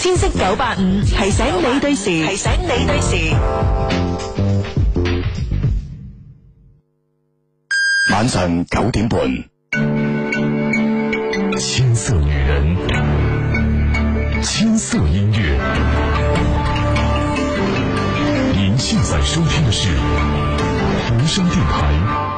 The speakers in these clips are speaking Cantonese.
千色九八五提醒你對時，提醒你對時。晚上九點半，千色女人，千色音樂。您現在收聽的是佛山電台。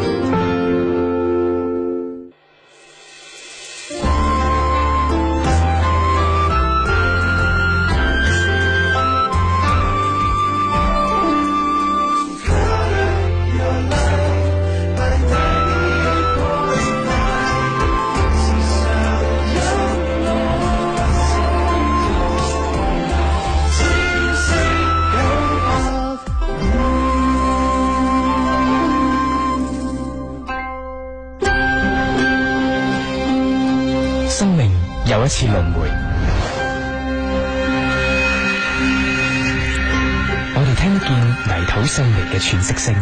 全息聲，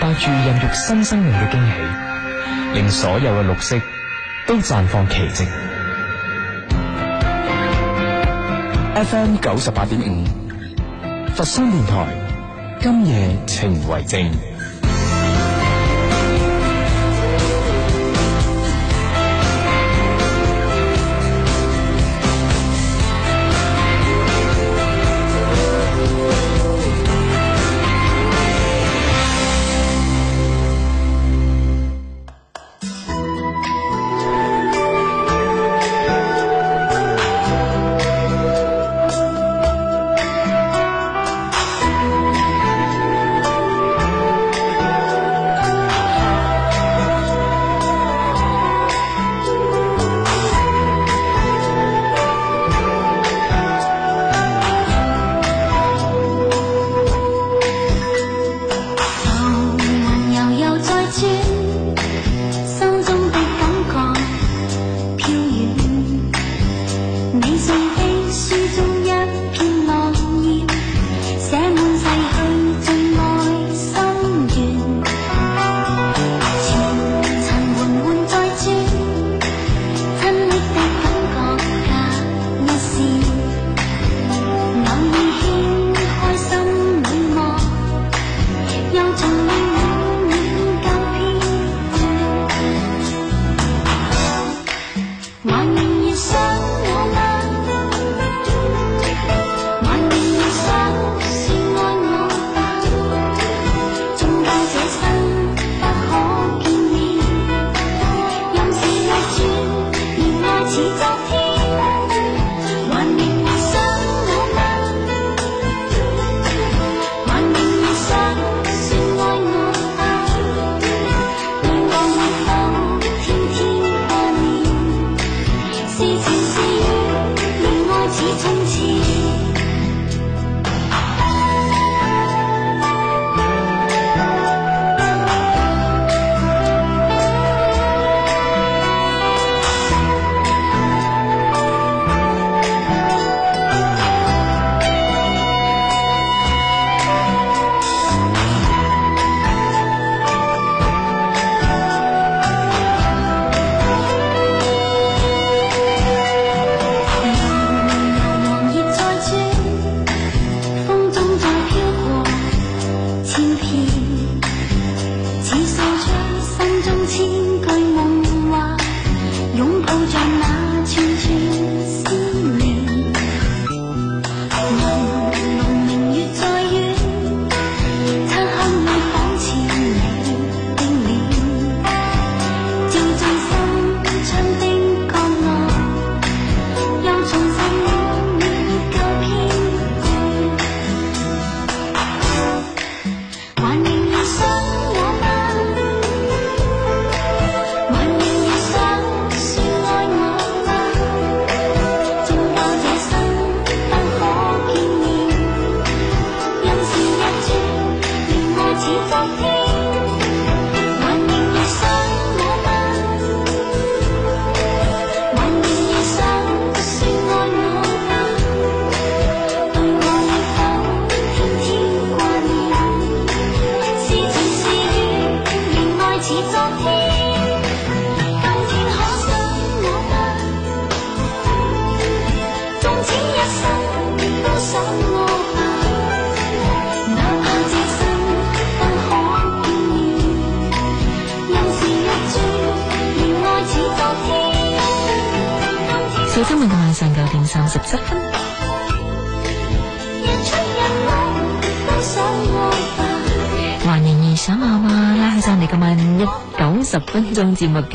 帶住孕育新生命嘅驚喜，令所有嘅綠色都綻放奇迹。 FM 九十八點五，佛山電台，今夜情為證。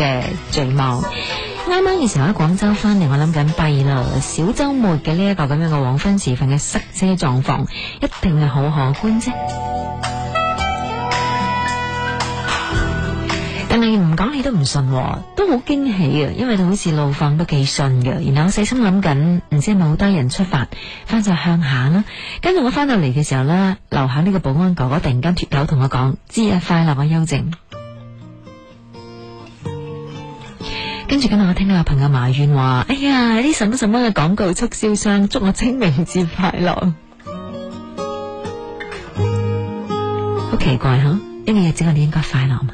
嘅展啱啱嘅時候喺廣州翻嚟，我諗緊閉啦。小周末嘅呢一個咁樣嘅黃昏時分嘅塞車狀況，一定係好可觀啫。但係唔講你都唔信，都好驚喜嘅，因為好似路況都幾順嘅。然後我細心諗緊，唔知係咪好多人出發翻晒鄉下啦。跟住我翻到嚟嘅時候呢，樓下呢個保安哥哥突然間脫口同我講：節日快樂，我幽靜。跟住今日我聽到個朋友埋怨話，哎呀，啲什麼什麼嘅廣告促銷商祝我清明節快樂，好 奇怪嗬！因為呢個日子我哋應該快樂嘛？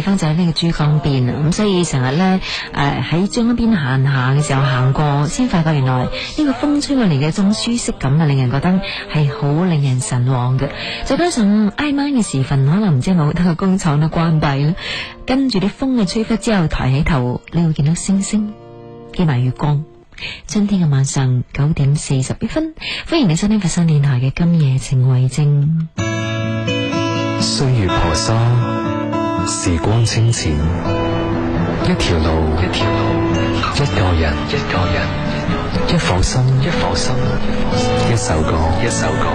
地方就喺呢個珠江邊，咁所以成日咧，誒喺珠江邊行下嘅時候行過，先發覺原來呢個風吹過嚟嘅一種舒適感啊，令人覺得係好令人神往嘅。再加上挨晚嘅時分，可能唔知有冇得個工廠都關閉啦，跟住啲風嘅吹拂之後，抬起頭你會見到星星，見埋月光。春天嘅晚上九點四十一分，歡迎你收聽佛山電台嘅《今夜情為證》，歲月婆娑。時光清淺，一條路，一條路，一個人，一個人，一顆心，一顆心，一首歌，一首歌。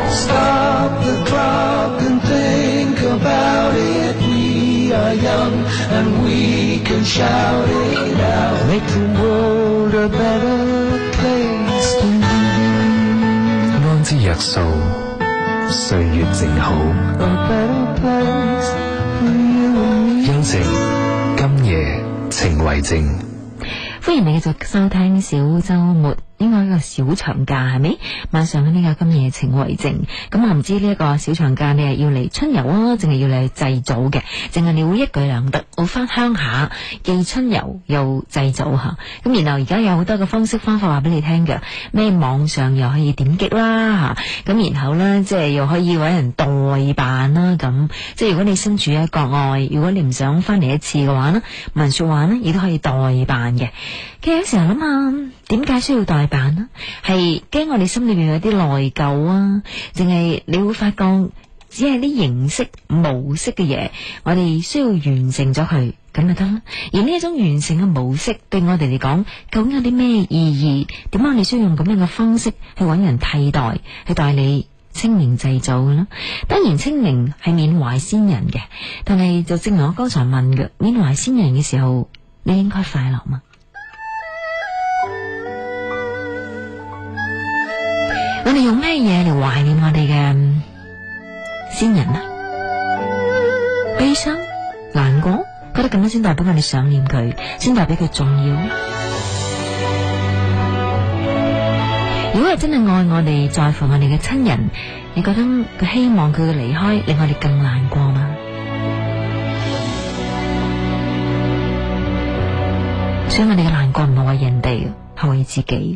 安之若素，歲月正好。情為證，歡迎你繼續收聽小周末。應該呢個小長假係咪？晚上呢個今夜情為證。咁我唔知呢一個小長假你係要嚟春遊啊，淨係要嚟祭祖嘅，淨係你會一舉兩得，我翻鄉下既春遊又祭祖吓。咁、啊、然後而家有好多嘅方式方法話俾你聽嘅，咩網上又可以點擊啦吓。咁、啊啊、然後呢，即係又可以搵人代辦啦。咁、啊、即係如果你身處喺國外，如果你唔想翻嚟一次嘅話咧，文說話呢，亦、啊、都可以代辦嘅。其實有時候諗下。點解需要代辦呢？係驚我哋心裏面有啲內疚啊，淨係你會發覺，只係啲形式模式嘅嘢，我哋需要完成咗佢咁咪得啦。而呢一種完成嘅模式，對我哋嚟講，究竟有啲咩意義？點解我哋需要用咁樣嘅方式去揾人替代，去代理清明祭祖嘅呢？當然清明係緬懷先人嘅，但係就正如我剛才問嘅，緬懷先人嘅時候，你應該快樂嗎？我哋用咩嘢嚟懷念我哋嘅先人啊？悲傷、難過，覺得咁樣先代表我哋想念佢，先代表佢重要。 如果係真係愛我哋、在乎我哋嘅親人，你覺得佢希望佢嘅離開令我哋更難過嗎？ 所以我哋嘅難過唔係為人哋，係為自己。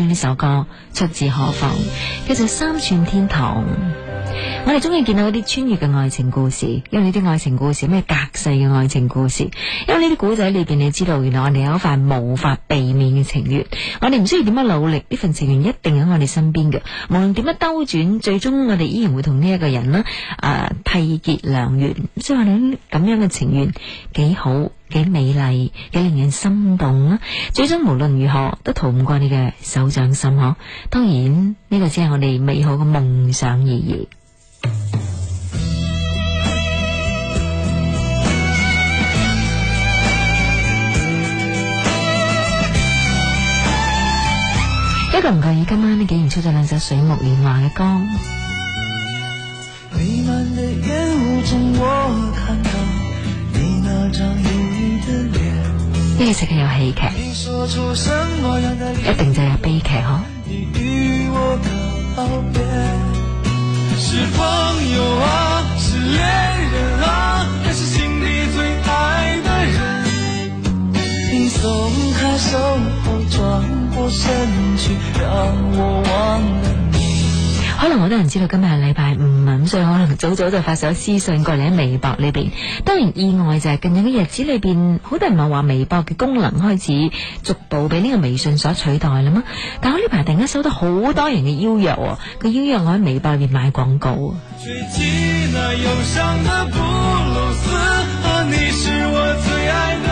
呢首歌出自何方？叫做《三寸天堂》。我哋中意見到一啲穿越嘅愛情故事，因為呢啲愛情故事咩格局細嘅愛情故事，因為呢啲古仔裏邊，你知道原來我哋有一塊無法避免嘅情緣，我哋唔需要點樣努力，呢份情緣一定喺我哋身邊嘅。無論點樣兜轉，最終我哋依然會同呢一個人呢，啊、呃，締結良緣。所以話諗咁樣嘅情緣幾好，幾美麗，幾令人心動啦。最終無論如何都逃唔過你嘅手掌心嗬，當然呢、這個只係我哋美好嘅夢想而已。一個唔覺意今晚呢竟然出咗兩首水木年華嘅歌。呢個世界有喜劇，一定就有悲劇呵。你鬆開手，我轉過身，去讓我忘了你。可能好多人知道今日係禮拜五啊，咁所以可能早早就發咗私信過嚟喺微博裏邊。當然意外就係近日嘅日子裏邊，好多人咪話微博嘅功能開始逐步俾呢個微信所取代啦嘛。但我呢排突然收到好多人嘅邀約，佢邀約我喺微博裏邊賣廣告。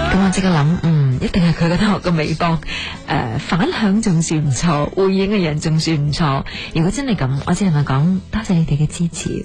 咁我即刻諗，嗯一定係佢嗰度學嘅微博，誒、呃、反響仲算唔錯，回應嘅人仲算唔錯。如果真係咁，我只係咪講多謝你哋嘅支持。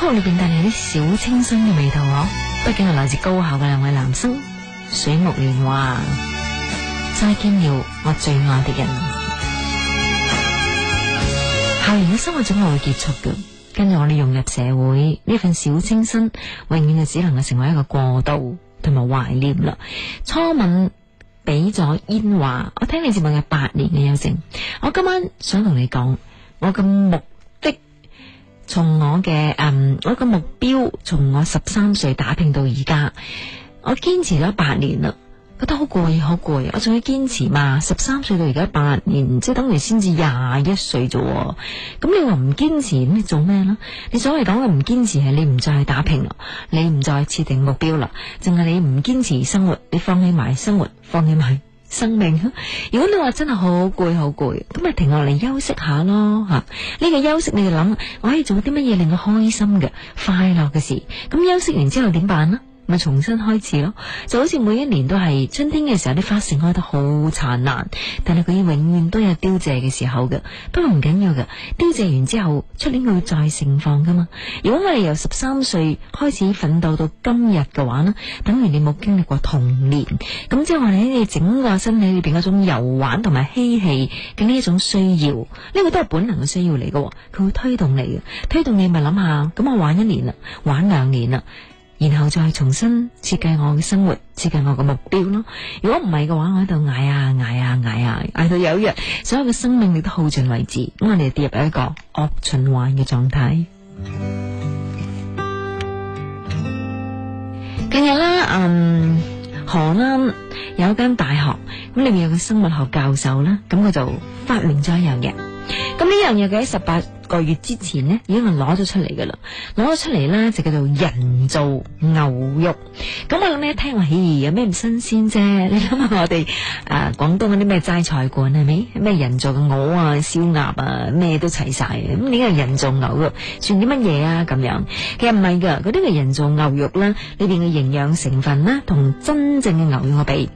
歌裏邊帶嚟啲小清新嘅味道嗬，畢竟係來自高校嘅兩位男生，水木年華，再見了我最愛的人。校園嘅生活總係會結束嘅，跟住我哋融入社會，呢份小清新永遠就只能夠成為一個過渡，同埋懷念啦。初吻俾咗煙華，我聽你節目嘅八年嘅友情，我今晚想同你講，我嘅目。從我嘅嗯，我個目標，從我十三歲打拼到而家，我堅持咗八年啦，覺得好攰，好攰，我仲要堅持嘛？十三歲到而家八年，即係等於先至廿一歲啫。咁你話唔堅持，咁你做咩啦？你所謂講嘅唔堅持係你唔再去打拼啦，你唔再設定目標啦，淨係你唔堅持生活，你放棄埋生活，放棄埋生命，如果你話真係好攰好攰，咁咪停落嚟休息下咯吓。呢個休息你哋諗，我可以做啲乜嘢令我開心嘅、快樂嘅事？咁休息完之後點辦呢？咪重新開始咯，就好似每一年都係春天嘅時候，啲花盛開得好燦爛，但係佢永遠都有凋謝嘅時候嘅，不過唔緊要嘅，凋謝完之後，出年佢會再盛放噶嘛。如果我哋由十三歲開始奮鬥到今日嘅話呢，等於你冇經歷過童年，咁即係話你你，整個身體裏邊嗰種遊玩同埋嬉戲嘅呢一種需要，呢個都係本能嘅需要嚟嘅，佢會推動你嘅，推動你咪諗下，咁我玩一年啦，玩兩年啦。然後再重新設計我嘅生活，設計我嘅目標咯。如果唔係嘅話，我喺度挨啊挨啊挨啊挨到有一日，所有嘅生命力都耗盡為止，咁我哋就跌入一個惡循環嘅狀態。 近日啦，嗯，荷蘭有一間大學，咁裏面有個生物學教授啦，咁佢就發明咗一樣嘢。咁呢樣嘢佢喺十八個月之前咧已經係攞咗出嚟噶啦，攞咗出嚟啦就叫做人造牛肉。咁我諗咧，一聽話咦，有咩唔新鮮啫？你諗下我哋誒，廣東嗰啲咩齋菜館係咪咩人造嘅鵝啊、燒鴨啊咩都齊晒嘅，咁呢個人造牛肉算啲乜嘢啊？咁樣其實唔係噶，嗰啲嘅人造牛肉啦，裏邊嘅營養成分啦，同真正嘅牛肉嘅比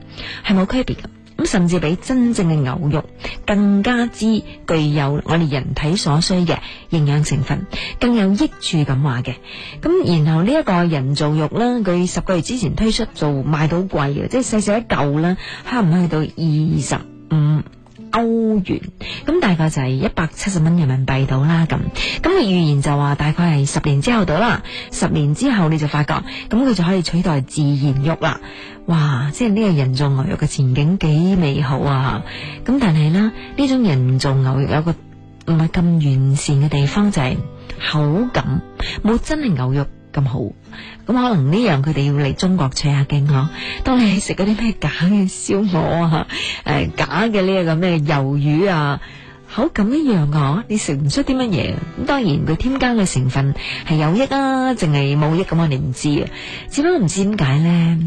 係冇區別噶。咁甚至比真正嘅牛肉更加之具有我哋人體所需嘅營養成分，更有益處咁話嘅。咁然後呢一個人造肉咧，佢十個月之前推出做賣到貴嘅，即係細細一舊啦，可唔可去到二十五？歐元咁大概就係一百七十蚊人民幣到啦咁，咁你預言就話大概係十年之後到啦，十年之後你就發覺，咁佢就可以取代自然肉啦。哇，即係呢個人造牛肉嘅前景幾美好啊！咁但係呢，呢種人造牛肉有個唔係咁完善嘅地方就係，口感冇真係牛肉。咁好，咁可能呢樣佢哋要嚟中國取下經嗬、啊。當你食嗰啲咩假嘅燒鵝啊，誒、啊、假嘅呢一個咩魷魚啊，口感一樣嘅、啊、你食唔出啲乜嘢。咁當然佢添加嘅成分係有益啊，淨係冇益咁我哋唔知啊。只不過唔知點解咧，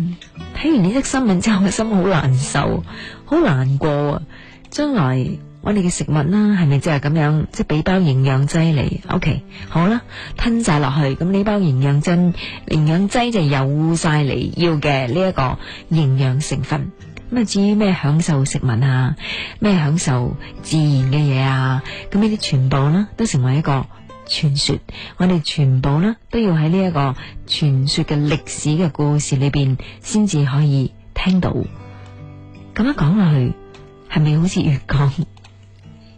睇完呢則新聞之後，心好難受，好難過啊！將來。我哋嘅食物啦，係咪即係咁樣，即係俾包營養劑嚟？O K，好啦，吞晒落去，咁呢包營養劑、營養劑就有晒你要嘅呢一個營養成分。咁啊，至於咩享受食物啊，咩享受自然嘅嘢啊，咁呢啲全部啦，都成為一個傳說。我哋全部啦，都要喺呢一個傳說嘅歷史嘅故事裏邊，先至可以聽到。咁樣講落去，係咪好似越講？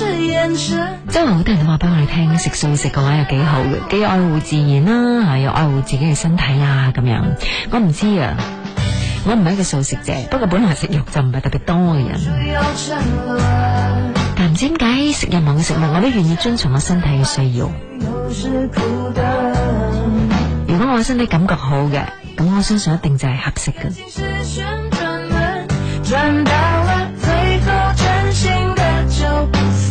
即係好多人都話俾我哋聽，食素食嘅話又幾好嘅，既愛護自然啦、啊，又愛護自己嘅身體啦、啊，咁樣。我唔知啊，我唔係一個素食者，不過本來食肉就唔係特別多嘅人，但唔知點解食任何食物我都願意遵從我身體嘅需要。如果我身體感覺好嘅，咁我相信我一定就係合適嘅。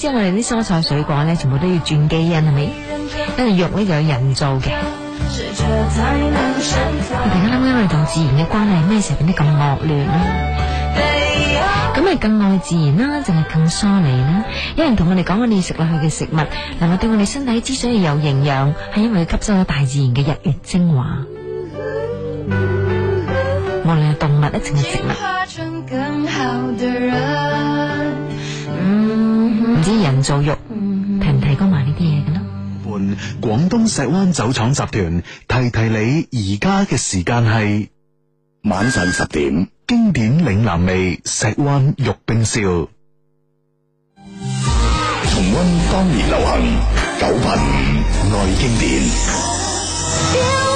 即係我哋啲蔬菜水果咧，全部都要轉基因係咪？跟住肉咧就有人造嘅。大家諗一諗，我哋同自然嘅關係咩時候變得咁惡劣咧？咁係更愛自然啦，定係更疏離啦？有人同我哋講，我哋食落去嘅食物，嗱我對我哋身體之所以有營養，係因為吸收咗大自然嘅日月精華。無論係動物，淨係係植物。做肉提唔提供埋呢啲嘢嘅咯？本廣東石灣酒廠集團提提你，而家嘅時間係晚上十點，經典嶺南味石灣玉冰燒，重温當年流行舊頻愛經典。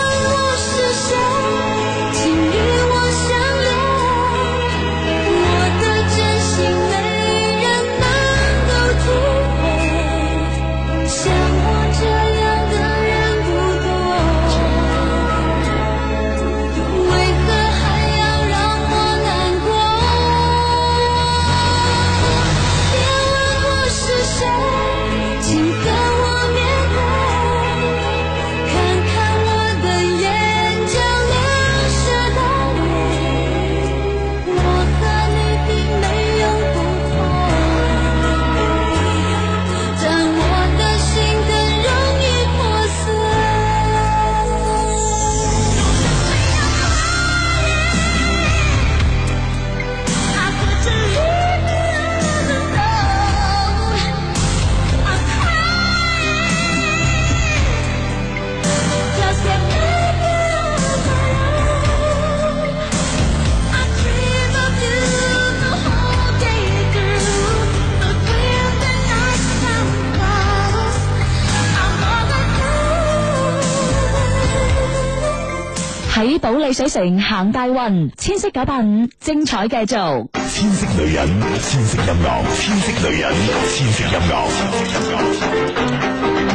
啟程行大運，千色九八五，精彩繼續。千色女人，千色音樂，千色女人，千色音樂。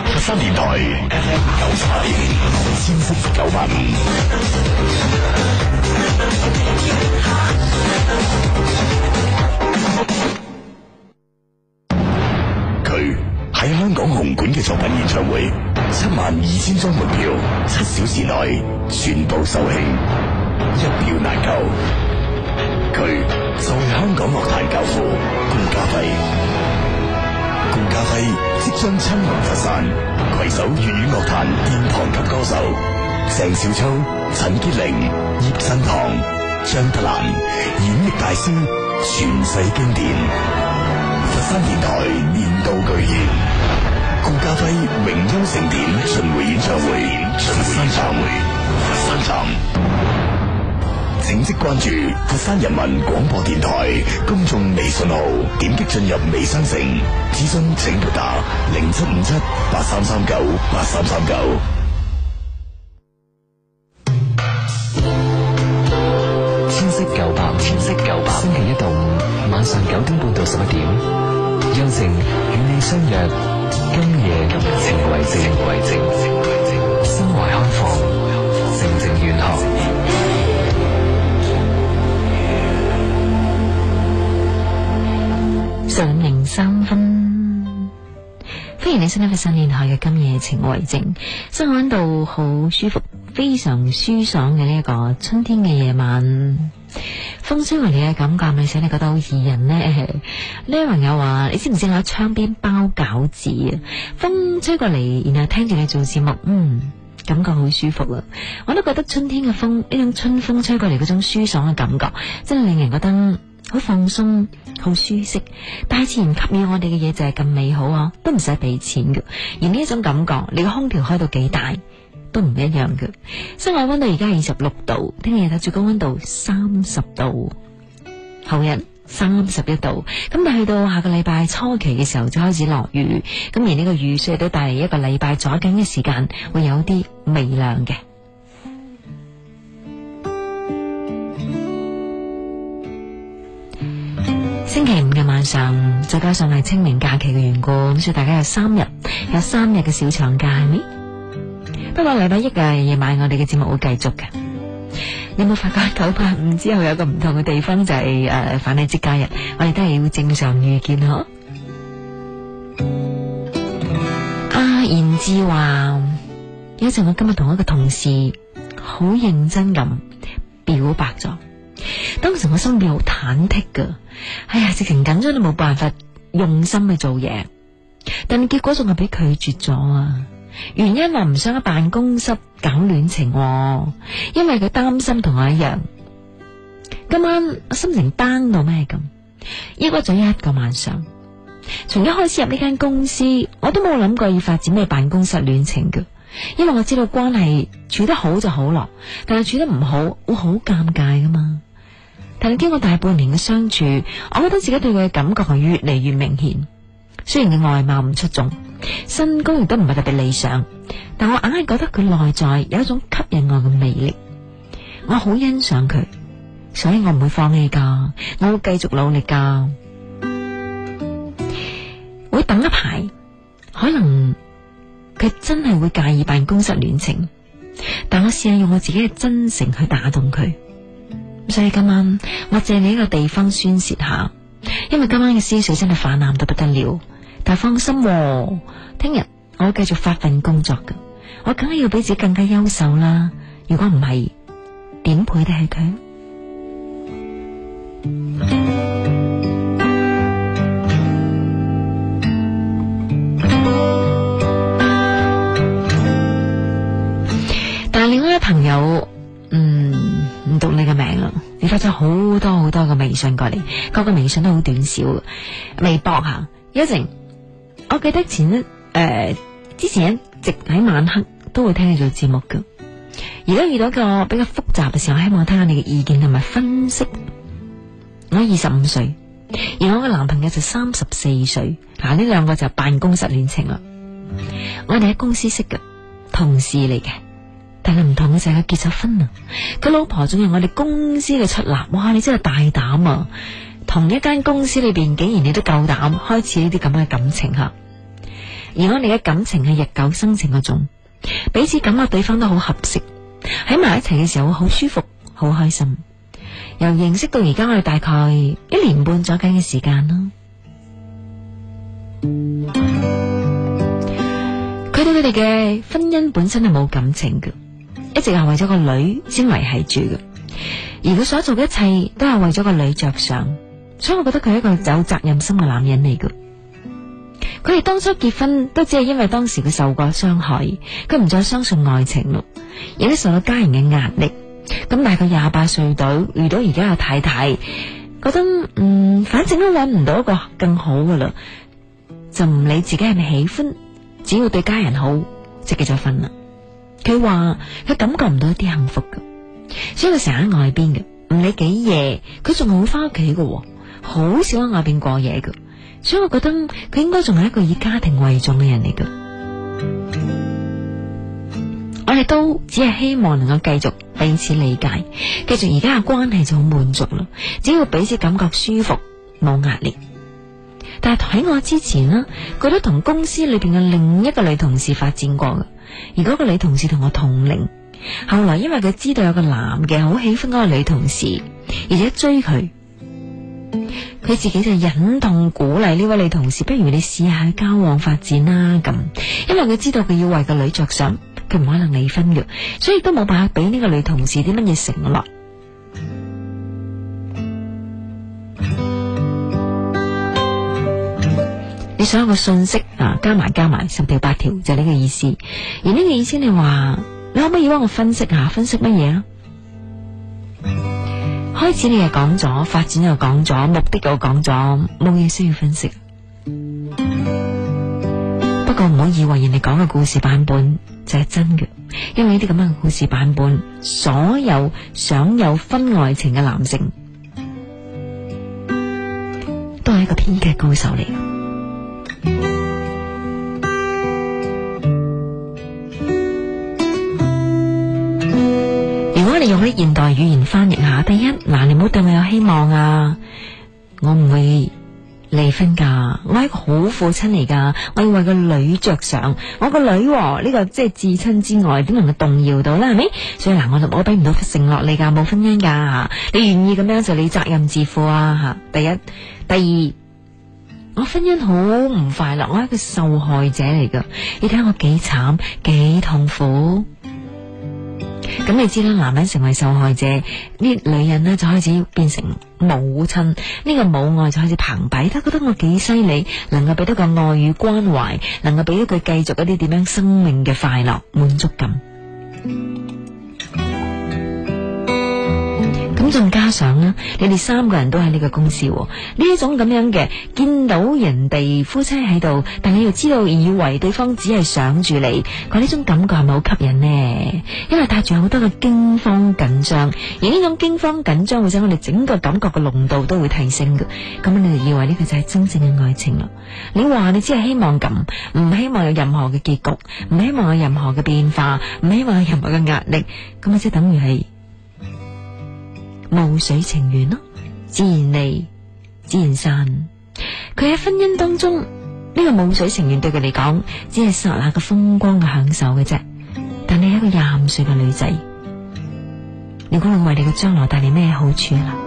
佛山電台九七，千色九八五。 喺香港紅館嘅作品演唱會，七萬二千張門票，七小時內全部售罄，一票難求。佢就係香港樂壇教父顧嘉輝，顧嘉輝即將親臨佛山，攜手粵語樂，樂壇殿堂級歌手鄭少秋、陳潔靈、葉振棠、張德蘭演繹大師，傳世經典。佛山電台。道具園，顧嘉輝榮休盛典巡迴演唱會，中山站、佛山站，請即關注佛山人民廣播電台公眾微信號，點擊進入微商城，諮詢請撥打零七五七八三三九八三三九。千色九八，千色九八，星期一到五晚上九點半到十一點。安靜，與你相約，今夜情為證，情為證心懷開放，靜靜遠航。上零三分，歡迎你收聽佛山電台嘅今夜情為證，身處喺度好舒服，非常舒爽嘅呢一個春天嘅夜晚。風吹過嚟嘅感覺，咪使你覺得好怡人呢？呢位朋友話：你知唔知我喺窗邊包餃子啊？風吹過嚟，然後聽住你做節目，嗯，感覺好舒服啊！我都覺得春天嘅風，呢種春風吹過嚟嗰種舒爽嘅感覺，真係令人覺得好放鬆、好舒適。大自然給予我哋嘅嘢就係咁美好，啊，都唔使俾錢嘅。而呢一種感覺，你嘅空調開到幾大？都唔一樣嘅，室外溫度而家二十六度，聽日日頭最高溫度三十度，後日三十一度，咁但係去到下個禮拜初期嘅時候就開始落雨，咁而呢個雨水都帶嚟一個禮拜左近嘅時間會有啲微涼嘅。 星期五嘅晚上再加上係清明假期嘅緣故，咁所以大家有三日有三日嘅小長假。係咪？不過禮拜一嘅、啊、夜晚我哋嘅節目會繼續嘅。你有冇發覺九百五之後有個唔同嘅地方就係誒反禮節假日，我哋都係要正常遇見嗬。阿賢志話：有陣我今日同一個同事好認真咁表白咗，當時我心裏好忐忑噶。哎呀，直情緊張都冇辦法用心去做嘢，但係結果仲係俾拒絕咗啊！原因我唔想喺辦公室搞戀情，因為佢擔心同我一樣。今晚我心情 down 到咩咁，抑鬱咗一個晚上。從一開始入呢間公司，我都冇諗過要發展咩辦公室戀情嘅，因為我知道關係處得好就好咯，但係處得唔好會好尷尬噶嘛。但係經過大半年嘅相處，我覺得自己對佢嘅感覺係越嚟越明顯。雖然佢外貌唔出眾，身高亦都唔係特別理想，但我硬係覺得佢內在有一種吸引我嘅魅力，我好欣賞佢，所以我唔會放棄噶，我會繼續努力噶，會等一排，可能佢真係會介意辦公室戀情，但我試下用我自己嘅真誠去打動佢，所以今晚我借你呢個地方宣泄下。因為今晚嘅思緒真係泛濫到不得了，但係放心，哦，聽日我會繼續發奮工作嘅，我梗係要俾自己更加優秀啦。如果唔係，點配得起佢？但係另外一位朋友，嗯，唔讀你嘅名啦。你發咗好多好多個微信過嚟，各個微信都好短小。微博啊，一直我記得前一誒、呃、之前一直喺晚黑都會聽你做節目嘅。而家遇到個比較複雜嘅時候，我希望聽下你嘅意見同埋分析。我二十五歲，而我嘅男朋友就三十四歲，嗱，呢兩個就辦公室戀情啦。嗯、我哋喺公司識嘅同事嚟嘅。但唔同嘅就係佢結咗婚啦，佢老婆仲係我哋公司嘅出納，哇！你真係大膽啊！同一間公司裏邊，竟然你都夠膽開始呢啲咁嘅感情吓。而我哋嘅感情係日久生情嗰種，彼此感覺對方都好合適，喺埋一齊嘅時候好舒服、好開心。由認識到而家我哋大概一年半左右嘅時間啦。佢對佢哋嘅婚姻本身係冇感情嘅。一直係為咗個女先維繫住嘅，而佢所做嘅一切都係為咗個女着想，所以我覺得佢係一個有責任心嘅男人嚟嘅。佢哋當初結婚都只係因為當時佢受過傷害，佢唔再相信愛情咯，亦都受到家人嘅壓力，咁大概廿八歲到遇到而家個太太，覺得嗯，反正都揾唔到一個更好嘅啦，就唔理自己係咪喜歡，只要對家人好，即結咗婚啦。佢話佢感覺唔到一啲幸福嘅，所以佢成日喺外邊嘅，唔理幾夜，佢仲係會翻屋企嘅，好少喺外邊過夜嘅。所以我覺得佢應該仲係一個以家庭為重嘅人嚟嘅。我哋都只係希望能夠繼續彼此理解，繼續而家嘅關係就好滿足咯。只要彼此感覺舒服，冇壓力。但係喺我之前呢，佢都同公司裏邊嘅另一個女同事發展過嘅。而嗰個女同事同我同齡，後來因為佢知道有個男嘅好喜歡嗰個女同事，而且追佢，佢自己就忍痛鼓勵呢位女同事，不如你試下交往發展啦咁。因為佢知道佢要為個女着想，佢唔可能離婚嘅，所以都冇辦法俾呢個女同事啲乜嘢承諾。你想有個信息啊，加埋加埋十條八條就係呢個意思。而呢個意思，你話你可唔可以幫我分析下？分析乜嘢啊？ 開始你又講咗，發展又講咗，目的又講咗，冇嘢需要分析。 不過唔好以為人哋講嘅故事版本就係真嘅，因為呢啲咁樣嘅故事版本，所有想有婚外情嘅男性，都係一個編劇高手嚟。如果你用啲現代語言翻譯下，第一嗱，你唔好對我有希望啊！我唔會離婚噶，我係一個好父親嚟噶，我要為個女着想。我個女呢個即係至親之外，點能夠動搖到呢？係咪？所以嗱，我就我俾唔到承諾你噶，冇婚姻噶。你願意咁樣就你責任自負啊！吓，第一，第二。我婚姻好唔快樂，我係一個受害者嚟噶。你睇我幾慘，幾痛苦。咁你知啦，男人成為受害者，呢女人呢就開始變成母親，呢個母愛就開始澎湃。他覺得我幾犀利，能夠俾得個愛與關懷，能夠俾佢繼續一啲點樣生命嘅快樂滿足感。嗯咁仲加上咧，你哋三個人都喺呢個公司，呢種咁樣嘅見到人哋夫妻喺度，但係又知道以為對方只係想住你，佢呢種感覺係咪好吸引咧？因為帶住好多嘅驚慌緊張，而呢種驚慌緊張會使我哋整個感覺嘅濃度都會提升嘅。咁你以為呢個就係真正嘅愛情啦？你話你只係希望咁，唔希望有任何嘅結局，唔希望有任何嘅變化，唔希望有任何嘅壓力，咁即係等於係。霧水情緣咯，自然嚟，自然散。佢喺婚姻當中呢個霧水情緣對佢嚟講，只係剎那嘅風光嘅享受嘅啫。但你係一個廿五歲嘅女仔，你將會為你嘅將來帶嚟咩好處啦？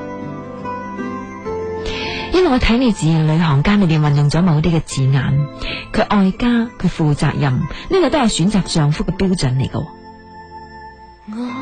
因為我睇你字裡行間，裡面運用咗某啲嘅字眼，佢愛家，佢負責任，呢個都係選擇丈夫嘅標準嚟嘅。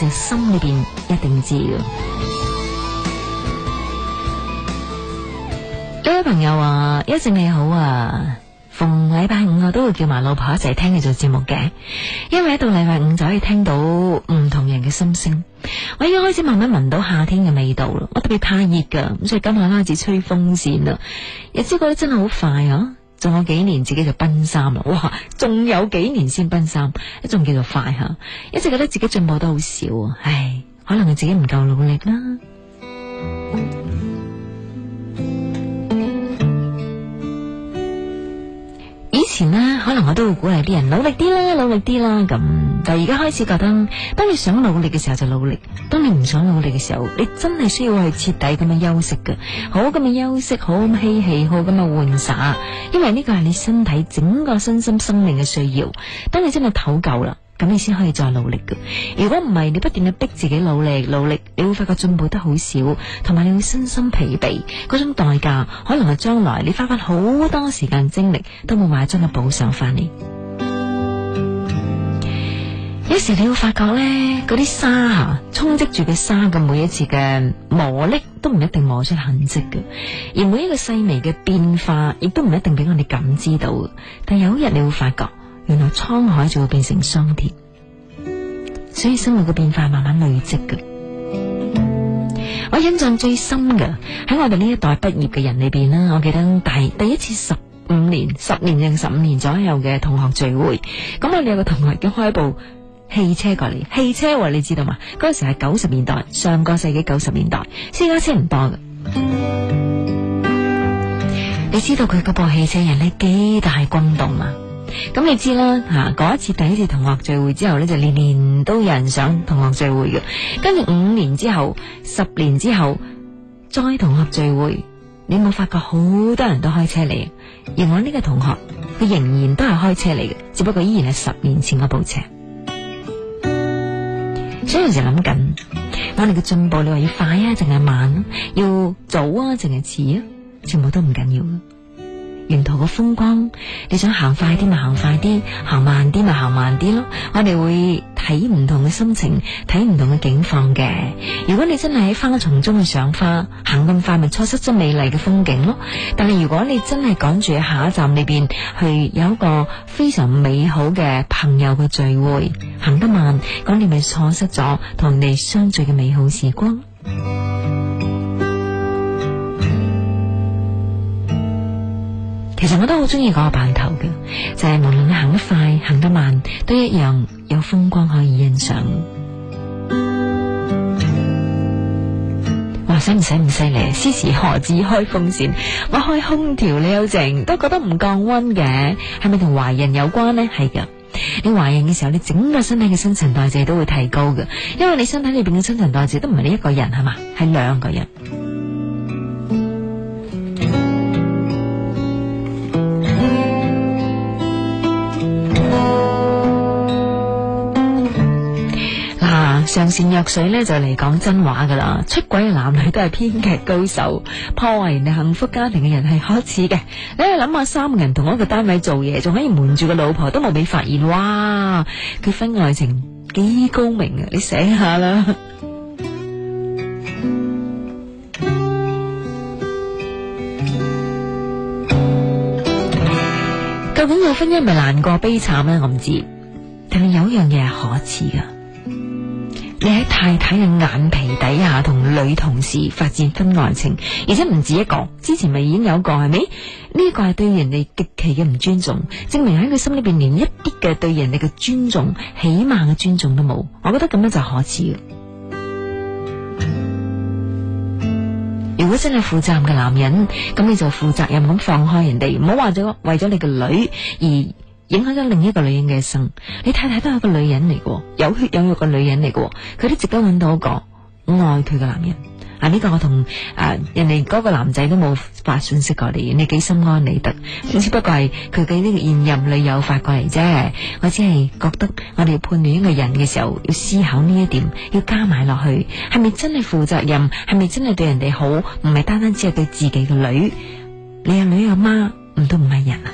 就心裏邊一定知嘅。多位朋友話，一直你好啊，逢禮拜五我都會叫埋老婆一齊聽佢做節目嘅，因為一到禮拜五就可以聽到唔同人嘅心聲。我已經開始慢慢聞到夏天嘅味道啦，我特別怕熱噶，咁所以今晚開始吹風扇啦。日子過得真係好快啊！仲有幾年自己就奔三啦，哇！仲有幾年先奔三，仲叫做快吓，一直覺得自己進步得好少啊，哦，唉，可能自己唔夠努力啦。以前咧，可能我都會鼓勵啲人努力啲啦，努力啲啦咁。但而家開始覺得，當你想努力嘅時候就努力，當你唔想努力嘅時候，你真係需要去徹底咁樣休息嘅，好咁樣休息，好咁嬉戲，好咁樣玩耍，因為呢個係你身體整個身心生命嘅需要。當你真係唞夠啦，咁你先可以再努力嘅。如果唔係，你不斷嘅逼自己努力、努力，你會發覺進步得好少，同埋你會身心疲憊，嗰種代價可能係將來你花翻好多時間精力都冇話將佢補償翻嚟。有時你會發覺咧，嗰啲沙啊，充斥住嘅沙嘅每一次嘅磨礪都唔一定磨出痕跡嘅，而每一個細微嘅變化亦都唔一定俾我哋感知到。但有一日你會發覺，原來滄海就會變成桑田，所以生活嘅變化慢慢累積嘅。我印象最深嘅喺我哋呢一代畢業嘅人裏邊啦，我記得大第一次十五年、十年定十五年左右嘅同學聚會，咁我哋有個同學已經開部。汽車過嚟，汽車你知道嘛？嗰時係九十年代，上個世紀九十年代私家車唔多嘅。 你知道佢嗰部汽車人咧幾大轟動嘛，啊？咁你知啦吓。嗰，啊、一次第一次同學聚會之後咧，就年年都有人想同學聚會嘅。跟住五年之後，十年之後再同學聚會，你有冇發覺好多人都開車嚟？而我呢個同學佢仍然都係開車嚟嘅，只不過依然係十年前嗰部車。所以成日諗緊，我哋嘅進步，你話要快啊，定係慢咯、啊？要早啊，定係遲啊？全部都唔緊要、啊。沿途嘅風光，你想行快啲咪行快啲，行慢啲咪行慢啲咯。我哋會睇唔同嘅心情，睇唔同嘅景況嘅。如果你真係喺花叢中嘅賞花，行咁快咪錯失咗美麗嘅風景咯。但係如果你真係趕住喺下一站裏邊去有一個非常美好嘅朋友嘅聚會，行得慢，咁你咪錯失咗同你相聚嘅美好時光。其實我都好中意嗰個扮頭嘅，就係、是、無論你行得快、行得慢，都一樣有風光可以欣賞。 哇！使唔使唔犀利？詩詞何止開風扇？我開空調，你有靜，都覺得唔降溫嘅，係咪同懷孕有關呢？係噶，你懷孕嘅時候，你整個身體嘅新陳代謝都會提高嘅，因為你身體裏邊嘅新陳代謝都唔係你一個人係嘛，係兩個人。上善若水咧就嚟講真話噶啦，出軌嘅男女都係編劇高手，破壞人哋幸福家庭嘅人係可恥嘅。你諗下，三個人同一個單位做嘢，仲可以瞞住個老婆都冇被發現，哇！結婚愛情幾高明啊！你寫下啦。 究竟個婚姻咪難過悲慘咧？我唔知，但係有樣嘢係可恥噶。你喺太太嘅眼皮底下同女同事發展婚外情，而且唔止一個，之前咪已經有個係咪？呢、這個係對人哋極其嘅唔尊重，證明喺佢心裏邊連一啲嘅對人哋嘅尊重，起碼嘅尊重都冇。我覺得咁樣就可恥。如果真係負責任嘅男人，咁你就負責任咁放開人哋，唔好話咗為咗你嘅女而，影響咗另一個女人嘅一生，你太太都係個女人嚟嘅，有血有肉個女人嚟嘅，佢都值得揾到一個愛佢嘅男人。啊，呢、這個我同啊、呃、人哋嗰個男仔都冇發信息過嚟，你幾心安理得？只不過係佢嘅呢個現任女友發過嚟啫，我只係覺得我哋判斷一個人嘅時候要思考呢一點，要加埋落去係咪真係負責任？係咪真係對人哋好？唔係單單只係對自己嘅女，你阿女阿媽唔都唔係人啊？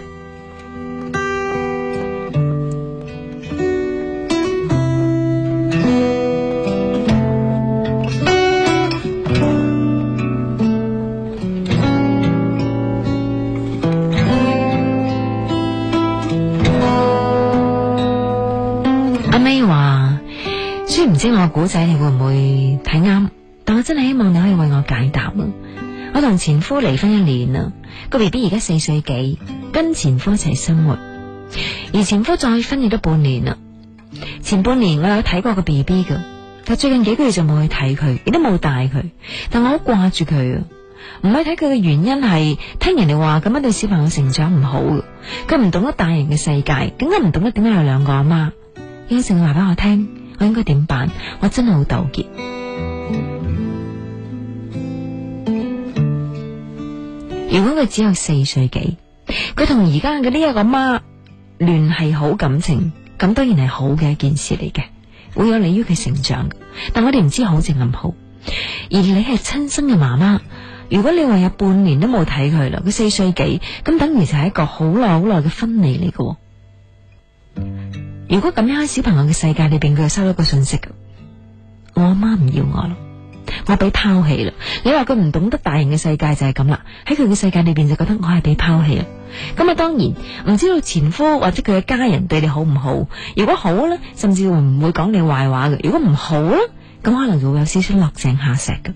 仔你會唔會睇啱？但我真係希望你可以為我解答啊！我同前夫離婚一年啦，個 B B 而家四歲幾，跟前夫一齊生活，而前夫再婚亦都半年啦。前半年我有睇過個 B B 噶，但最近幾個月就冇去睇佢，亦都冇帶佢。但我好掛住佢啊！唔去睇佢嘅原因係聽人哋話咁樣對小朋友成長唔好，佢唔懂得大人嘅世界，更加唔懂得點解有兩個阿媽？有事話俾我聽。我應該點辦？我真係好糾結。如果佢只有四歲幾，佢同而家嘅呢一個媽媽聯繫好感情，咁當然係好嘅一件事嚟嘅，會有利於佢成長。但我哋唔知好正咁好。而你係親生嘅媽媽，如果你話有半年都冇睇佢啦，佢四歲幾，咁等於就係一個好耐好耐嘅分離嚟嘅。如果咁樣，喺小朋友嘅世界裏邊，佢又收到個信息噶，我阿媽唔要我咯，我被拋棄啦。你話佢唔懂得大人嘅世界就係咁啦，喺佢嘅世界裏邊就覺得我係被拋棄啦。咁啊，當然唔知道前夫或者佢嘅家人對你好唔好。如果好咧，甚至會唔會講你壞話嘅？如果唔好咧，咁可能就會有少少落井下石嘅。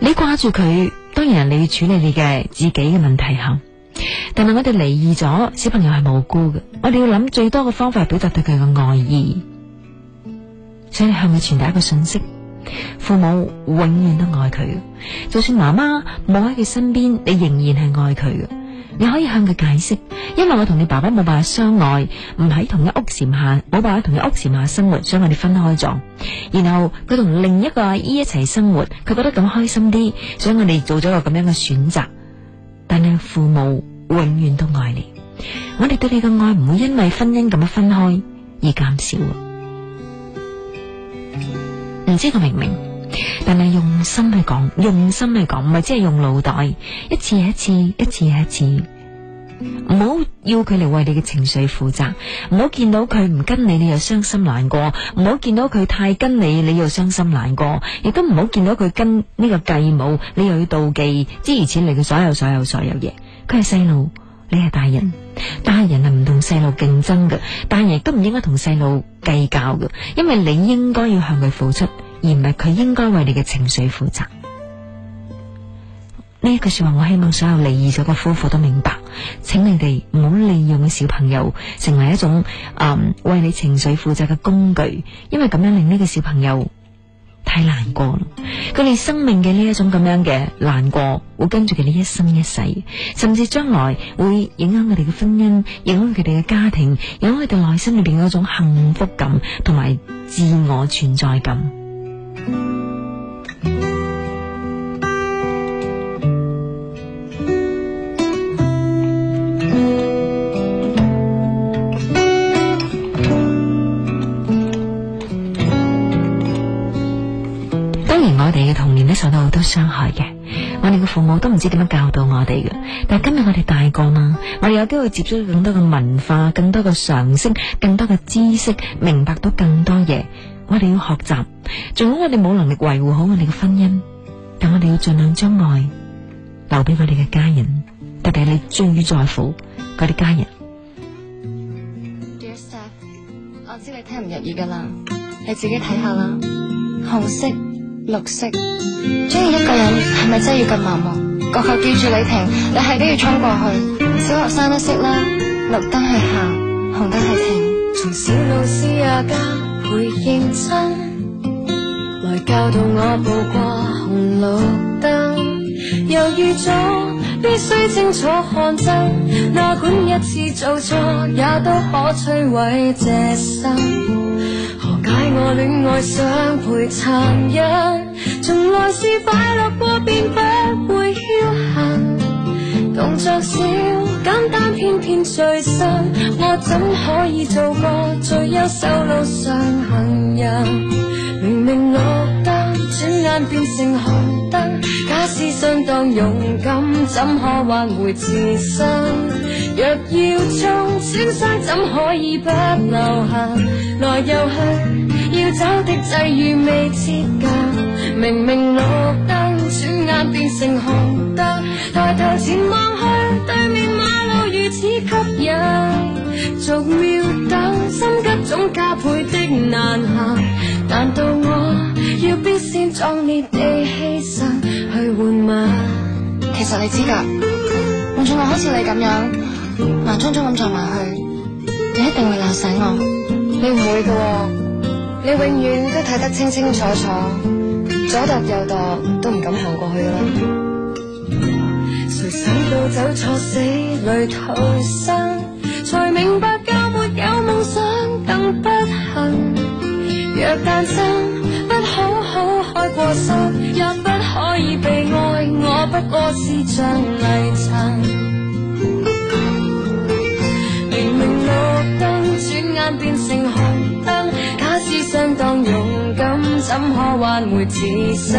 你掛住佢。當然，你要處理你嘅自己嘅問題吓。但係我哋離異咗，小朋友係無辜嘅。我哋要諗最多嘅方法表達對佢嘅愛意，想你向佢傳達一個訊息：父母永遠都愛佢，就算媽媽冇喺佢身邊，你仍然係愛佢嘅。你可以向佢解釋，因為我同你爸爸冇辦法相愛，唔喺同一屋檐下，冇辦法同一屋檐下生活，所以我哋分開咗。然後佢同另一個阿姨一齊生活，佢覺得咁開心啲，所以我哋做咗個咁樣嘅選擇。但係父母永遠都愛你，我哋對你嘅愛唔會因為婚姻咁樣分開而減少啊！唔知佢明唔明？但係用心去講，用心去講，唔係即係用腦袋一次一次一次一次，唔好要佢嚟為你嘅情緒負責，唔好見到佢唔跟你，你又傷心難過；唔好見到佢太跟你，你又傷心難過；亦都唔好見到佢跟呢個繼母，你又要妒忌，之如此類嘅所有所有所有嘢。佢係細路，你係大人，大人係唔同細路競爭嘅，但係亦都唔應該同細路計較嘅，因為你應該要向佢付出。而唔係佢應該為你嘅情緒負責呢一句說話，我希望所有離異咗嘅夫婦都明白，請你哋唔好利用小朋友成為一種嗯、呃、為你情緒負責嘅工具，因為咁樣令呢個小朋友太難過，佢哋生命嘅呢一種咁樣嘅難過，會跟住佢哋一生一世，甚至將來會影響佢哋嘅婚姻，影響佢哋嘅家庭，影響佢哋內心裏邊嗰種幸福感同埋自我存在感。當然，我哋嘅童年都受到好多傷害嘅，我哋嘅父母都唔知點樣教導我哋嘅。但係今日我哋大個嘛，我哋有機會接觸更多嘅文化、更多嘅常識、更多嘅知識，明白到更多嘢。我哋要學習，儘管我哋冇能力維護好我哋嘅婚姻，但我哋要盡量將愛留俾我哋嘅家人，特別係你最於在乎嗰啲家人。Dear Steph，我知你聽唔入耳噶啦，你自己睇下啦。紅色、綠色，中意一個人係咪真係要咁盲目？個球叫住你停，你係都要衝過去。小學生都識啦，綠燈係行，紅燈係停。從小老師啊教。會認真，來教導我步過紅綠燈。猶豫咗必須清楚看真，哪管一次做錯也都可摧毀這生。何解我戀愛雙倍殘忍？從來是快樂過便不會消恨。動作少，簡單偏偏最傷。我怎可以做個最優秀路上行人？明明綠燈，轉眼變成紅燈。假使相當勇敢，怎可挽回自身？若要衝，損傷怎可以不留下？來又去，要找的際遇未接近。明明綠燈。眼變成紅燈，抬頭前望去，對面馬路如此吸引。逐秒等，心急總加倍的難行。難道我要必先壯烈地犧牲去換嗎？其實你知㗎，換做我好似你咁樣，盲舂舂咁撞埋去，你一定會鬧醒我。你唔會㗎，你永遠都睇得清清楚楚。左踱右踱都唔敢行過去啦。誰想到走錯，死裏逃生，才明白教沒有夢想更不幸。若誕生不好好開過心，也不可以被愛，我不過是像泥塵。明明路燈轉眼變成紅燈。相當勇敢，怎可挽回自身？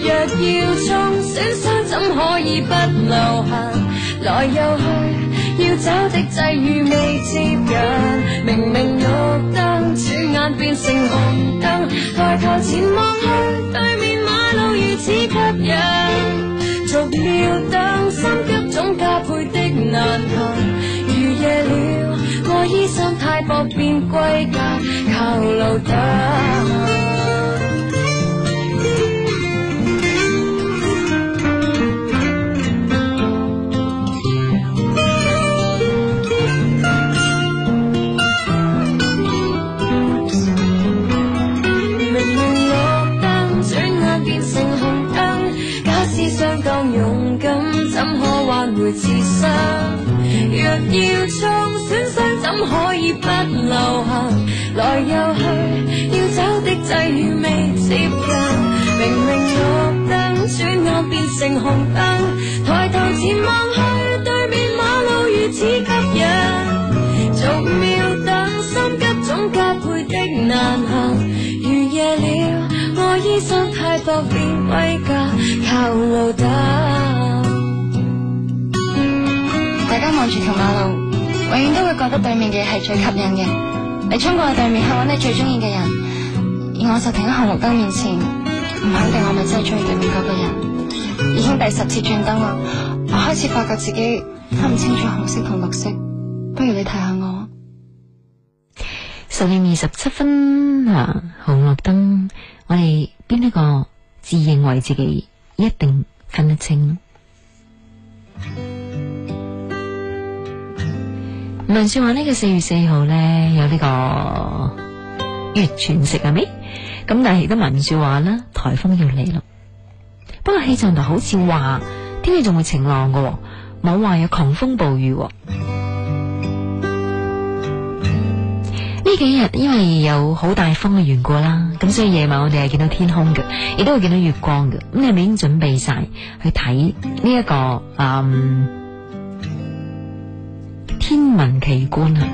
若要創損傷，怎可以不留痕？來又去，要找的際遇未接近。明明綠燈，轉眼變成紅燈。抬頭前望去，對面馬路如此吸引。逐秒等，心急總加倍的難行。如夜了。衣衫太薄，便歸家靠路燈。 最吸引嘅，你衝過去對面去搵你最中意嘅人，而我就停喺紅綠燈面前，唔肯定我咪真係中意對面嗰個人。已經第十次轉燈啦，我開始發覺自己分唔清楚紅色同綠色。不如你睇下我，十點二十七分啦，啊，紅綠燈，我哋邊一個自認為自己一定分得清？聞說話呢個四月四號咧，有呢個月全食啊？咪咁，但係都聞說話啦，台風要嚟咯。不過氣象台好似話天氣仲會晴朗噶。哦，冇話有，有狂風暴雨。哦。呢、嗯、幾日因為有好大風嘅緣故啦，咁所以夜晚我哋係見到天空嘅，亦都會見到月光嘅。咁你咪已經準備晒去睇呢一個嗯。天文奇觀啊！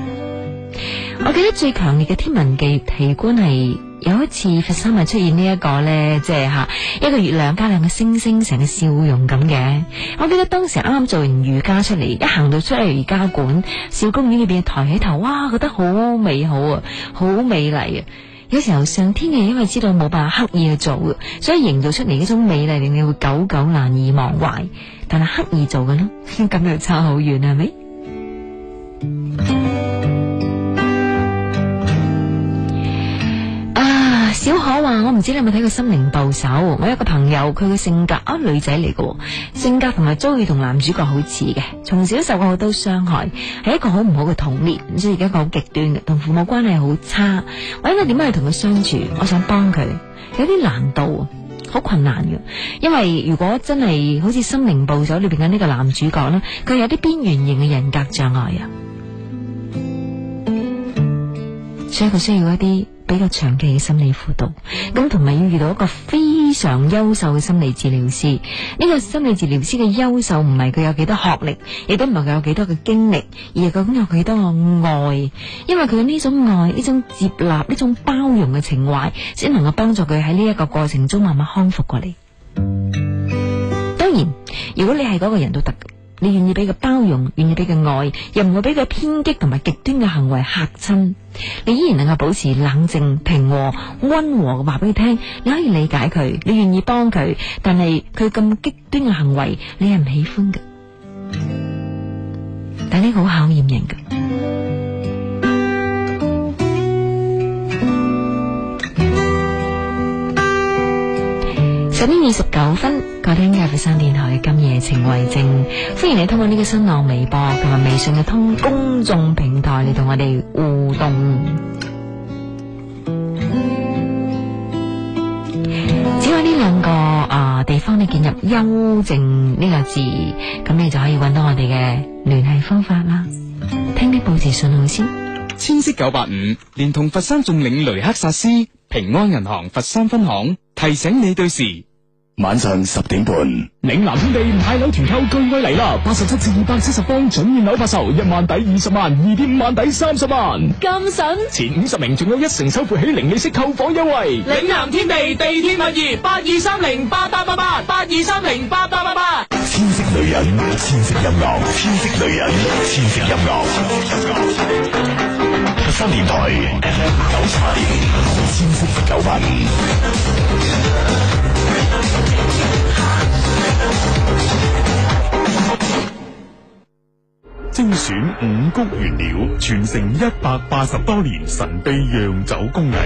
我記得最強烈嘅天文奇奇觀係有一次佛山係出現呢、這、一個呢，即係吓一個月亮加兩個星星成個笑容咁嘅。我記得當時啱啱做完瑜伽出嚟，一行到出嚟瑜伽館小公園裏邊，抬起頭，哇，覺得好美好啊，好美麗啊！有時候上天嘅因為知道冇辦法刻意去做，所以營造出嚟一種美麗令你會久久難以忘懷。但係刻意做嘅囉，咁 又差好遠係咪？啊，小可話我唔知你有冇睇過心靈捕手，我有個朋友佢嘅性格啊，女仔嚟嘅，性格同埋遭遇同男主角好似嘅，從小受過好多傷害，係一個好唔好嘅童年，所以而家好極端嘅，同父母關係好差。我應該點樣去同佢相處？我想幫佢，有啲難度，好困難嘅。因為如果真係好似心靈捕手裏邊嘅呢個男主角呢，佢有啲邊緣型嘅人格障礙啊。所以佢需要一啲比較長期嘅心理輔導，咁同埋要遇到一個非常優秀嘅心理治療師。呢個心理治療師嘅優秀唔係佢有幾多學歷，亦都唔係佢有幾多嘅經歷，而係佢擁有幾多嘅愛。因為佢呢種愛、呢種接納、呢種包容嘅情懷，先能夠幫助佢喺呢一個過程中慢慢康復過嚟。當然，如果你係嗰個人都得。你願意俾佢包容，願意俾佢愛，又唔會俾佢偏激同埋極端嘅行為嚇親。你依然能夠保持冷靜、平和、溫和嘅話俾佢聽。你可以理解佢，你願意幫佢，但係佢咁極端嘅行為，你係唔喜歡嘅。但係好考驗人嘅。十點二十九分，今天嘅佛山電台嘅今夜情為證，歡迎你通過呢個新浪微博同埋微信嘅通公眾平台嚟，同我哋互動。只要呢兩個啊地方你見入幽靜呢個字，咁你就可以揾到我哋嘅聯繫方法啦。聽啲報時信號先，千色九八五，連同佛山眾領雷克薩斯、平安銀行佛山分行提醒你對時。晚上十點半，嶺南天地買樓團購钜惠嚟啦！八十七至二百七十方準現樓發售，一萬抵二十萬，二點五萬抵三十萬。金省前五十名，仲有一成首付起，零利息購房優惠。嶺南天地地天物業八二三零八八八八八二三零八八八八。千色女人，千色音樂，千色女人，千色音樂。佛山電台 FM 九十八點，千色九分。精選五穀原料，傳承一百八十多年神秘釀酒工藝，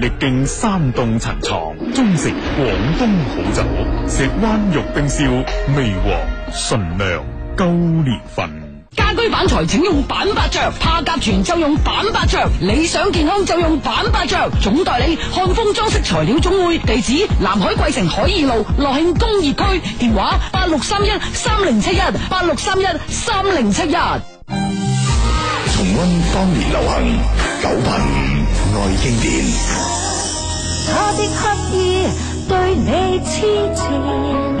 歷經三洞陳藏，中式廣東好酒。石灣玉冰燒，味皇醇釀夠年份。家居板材請用板八象，怕甲醛就用板八象，理想健康就用板八象。總代理漢風裝飾材料總匯，地址南海桂城海二路樂慶工業區，電話八六三一三零七一八六三一三零七一。71，重温當年流行，久憑愛經典。他的刻意對你痴情。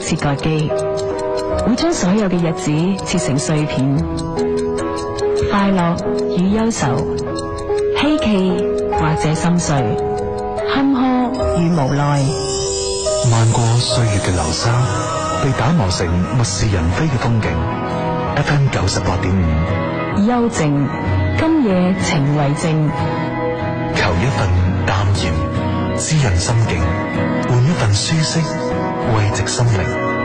切割機，會將所有嘅日子切成碎片，快樂與憂愁，希冀或者心碎，坎坷與無奈。漫過歲月嘅流沙，被打磨成物是人非嘅風景。FM 九十八點五，幽靜，今夜情為證，求一份淡然，滋潤心境，換一份舒適。慰藉心靈。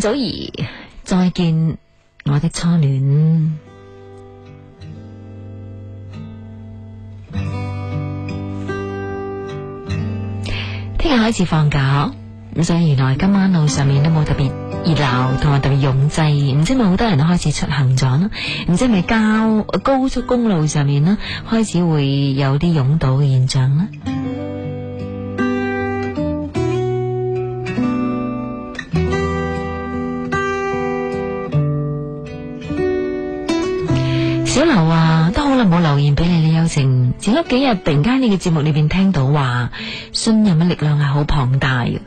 祖兒，再見我的初戀。聽日開始放假，咁所以原來今晚路上面都冇特別熱鬧，同埋特別擁擠。唔知係咪好多人都開始出行咗啦？唔知係咪高高速公路上面啦，開始會有啲擁堵嘅現象啦？前嗰幾日突然間你嘅節目裏邊聽到話，信任嘅力量係好龐大嘅。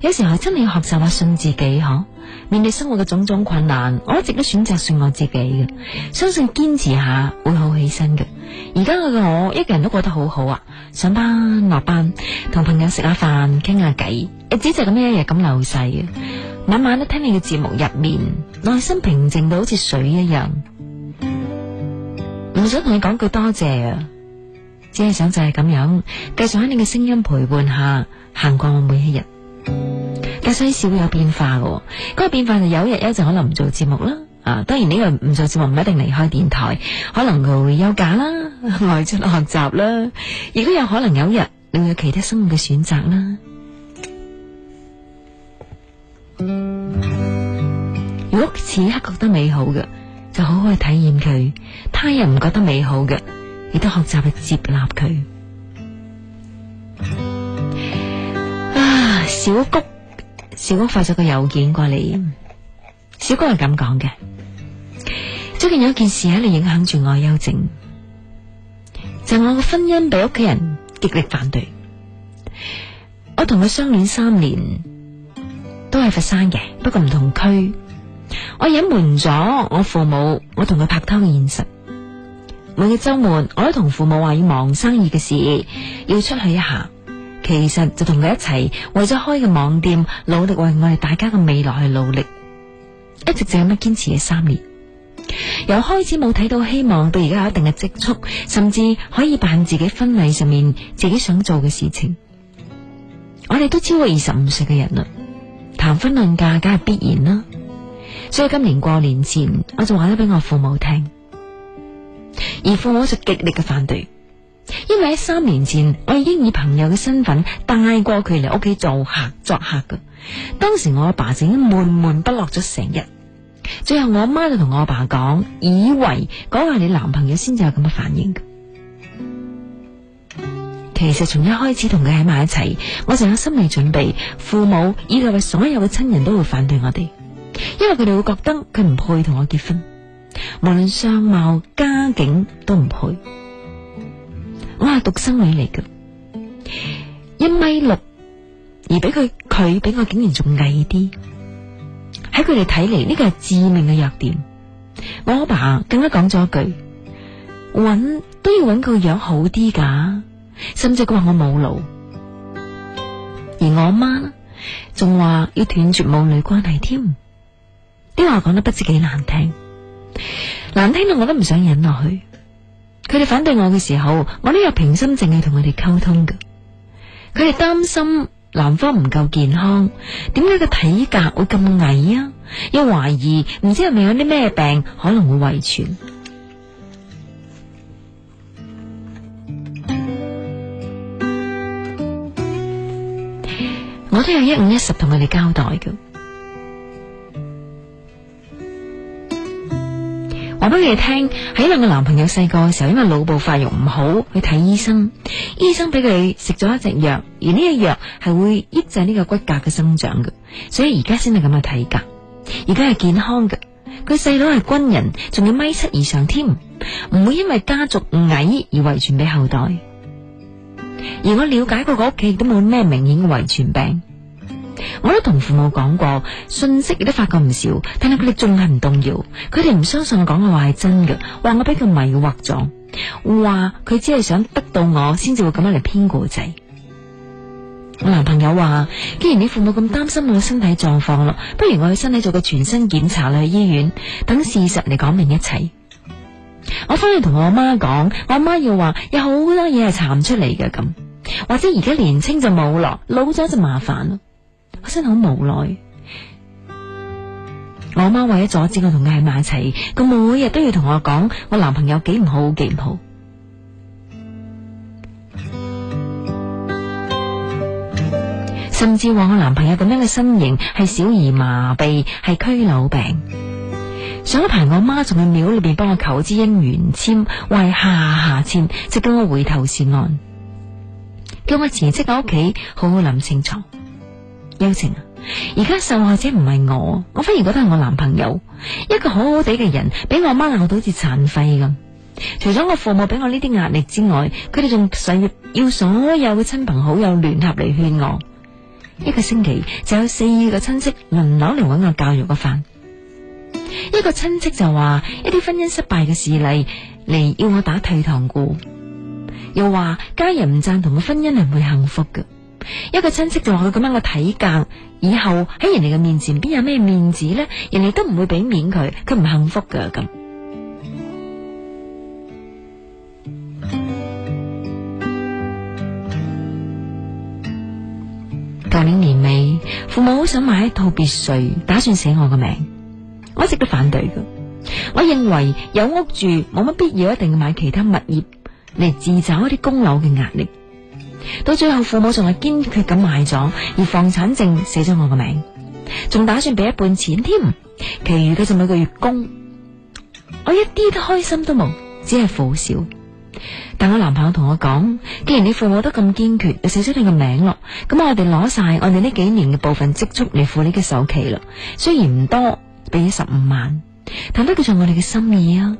有時候真係要學習話、啊、信自己嗬、啊。面對生活嘅種種困難，我一直都選擇信我自己嘅，相信堅持下會好起身嘅。而家我，我一個人都過得好好啊，上班落班同朋友食下飯傾下偈，日子就咁一日咁流逝嘅。晚晚都聽你嘅節目入面，內心平靜到好似水一樣。唔想同你講句多謝啊！只係想就係咁樣，繼續喺你嘅聲音陪伴下行過我每一日。但係世事會有變化嘅，哦，嗰、嗰個變化就有日有陣可能唔做節目啦。啊，當然呢個唔做節目唔一定離開電台，可能佢會休假啦，外出學習啦。亦都有可能有日你會有其他生活嘅選擇啦。如果此刻覺得美好嘅，就好好去體驗佢，他人唔覺得美好嘅。亦都學習去接納佢。啊，小谷，小谷發咗個郵件過嚟。小谷係咁講嘅：最近有一件事喺度影響住我休靜，就係我嘅婚姻俾屋企人極力反對。我同佢相戀三年，都係佛山嘅，不過唔同區。我隱瞞咗我父母，我同佢拍拖嘅現實。每個周末我都同父母話要忙生意嘅事，要出去一下。其實就同佢一齊為咗開嘅網店努力，為我哋大家嘅未來去努力。一直就咁樣堅持嘅三年，由開始冇睇到希望，到而家有一定嘅積蓄，甚至可以辦自己婚禮上面自己想做嘅事情。我哋都超過二十五歲嘅人啦，談婚論嫁梗係必然啦。所以今年過年前，我就話咗俾我父母聽。而父母就極力嘅反對，因為喺三年前我已經以朋友嘅身份帶過佢嚟屋企做客作客噶。當時我阿爸就已經悶悶不樂咗成日，最後我阿媽就同我阿爸講，以為講係你男朋友先至有咁嘅反應。其實從一開始同佢喺埋一齊，我就有心理準備，父母以及為所有嘅親人都會反對我哋，因為佢哋會覺得佢唔配同我結婚。無論相貌、家境都唔配。我係獨生女嚟嘅，一米六而俾佢，佢比我竟然仲矮啲。喺佢哋睇嚟呢個係致命嘅弱點。我阿爸更加講咗一句：揾都要揾個樣好啲噶，甚至佢話我冇腦。而我阿媽仲話要斷絕母女關係添，啲話講得不知幾難聽。難聽到我都唔想忍落去，佢哋反對我嘅時候，我都有平心靜氣同佢哋溝通㗎。佢哋擔心男方唔夠健康，點解個體格會咁矮啊？又懷疑唔知係咪有啲咩病可能會遺傳，我都有一五一十同佢哋交代㗎。話俾佢聽，喺兩個男朋友細個嘅時候，因為腦部發育唔好，去睇醫生，醫生俾佢食咗一隻藥，而呢隻藥係會抑制呢個骨骼嘅生長嘅，所以而家先係咁嘅體格，而家係健康嘅。佢細佬係軍人，仲要米七以上添，唔會因為家族矮而遺傳俾後代。而我了解過個屋企都冇咩明顯嘅遺傳病。我都同父母講過，信息亦都發過唔少，但係佢哋仲係唔動搖，佢哋唔相信我講嘅話係真嘅，話我俾佢迷惑咗，話佢只係想得到我先至會咁樣嚟編故仔。我男朋友話：既然你父母咁擔心我嘅身體狀況咯，不如我去身體做個全身檢查啦，去醫院等事實嚟講明一切。我翻去同我媽講，我媽要話有好多嘢係查唔出嚟嘅咁，或者而家年輕就冇咯，老咗就麻煩咯。我真係好無奈，我媽為咗阻止我同佢喺埋一齊，佢每日都要同我講我男朋友幾唔好，幾唔好，甚至話我男朋友咁樣嘅身形係小兒麻痹，係佝僂病。上一排我媽仲去廟裏邊幫我求知姻緣籤，為下下籤，直到我回頭是岸，叫我辭職喺屋企，好好諗清楚。友情啊！而家受害者唔係我，我反而覺得係我男朋友，一個好好哋嘅人，俾我媽鬧到好似殘廢咁。除咗我父母俾我呢啲壓力之外，佢哋仲想要所有嘅親朋好友聯合嚟勸我。一個星期就有四個親戚輪流嚟揾我教育個飯。一個親戚就話一啲婚姻失敗嘅事例嚟要我打退堂鼓，又話家人唔贊同嘅婚姻係唔會幸福嘅。一個親戚就話佢咁樣個體格，以後喺人哋嘅面前邊有咩面子咧？人哋都唔會俾面佢，佢唔幸福噶咁。舊 年年尾，父母好想買一套別墅，打算寫我嘅名，我一直都反對噶。我認為有屋住，冇乜必要一定要買其他物業嚟自找一啲供樓嘅壓力。到最後，父母仲係堅決咁買咗，而房產證寫咗我個名，仲打算俾一半錢添，其餘嘅仲每個月供。我一啲都開心都冇，只係苦笑。但我男朋友同我講，既然你父母都咁堅決，又寫咗你個名咯，咁我哋攞晒我哋呢幾年嘅部分積蓄嚟付你嘅首期啦。雖然唔多，俾咗十五萬，但都叫做我哋嘅心意啊。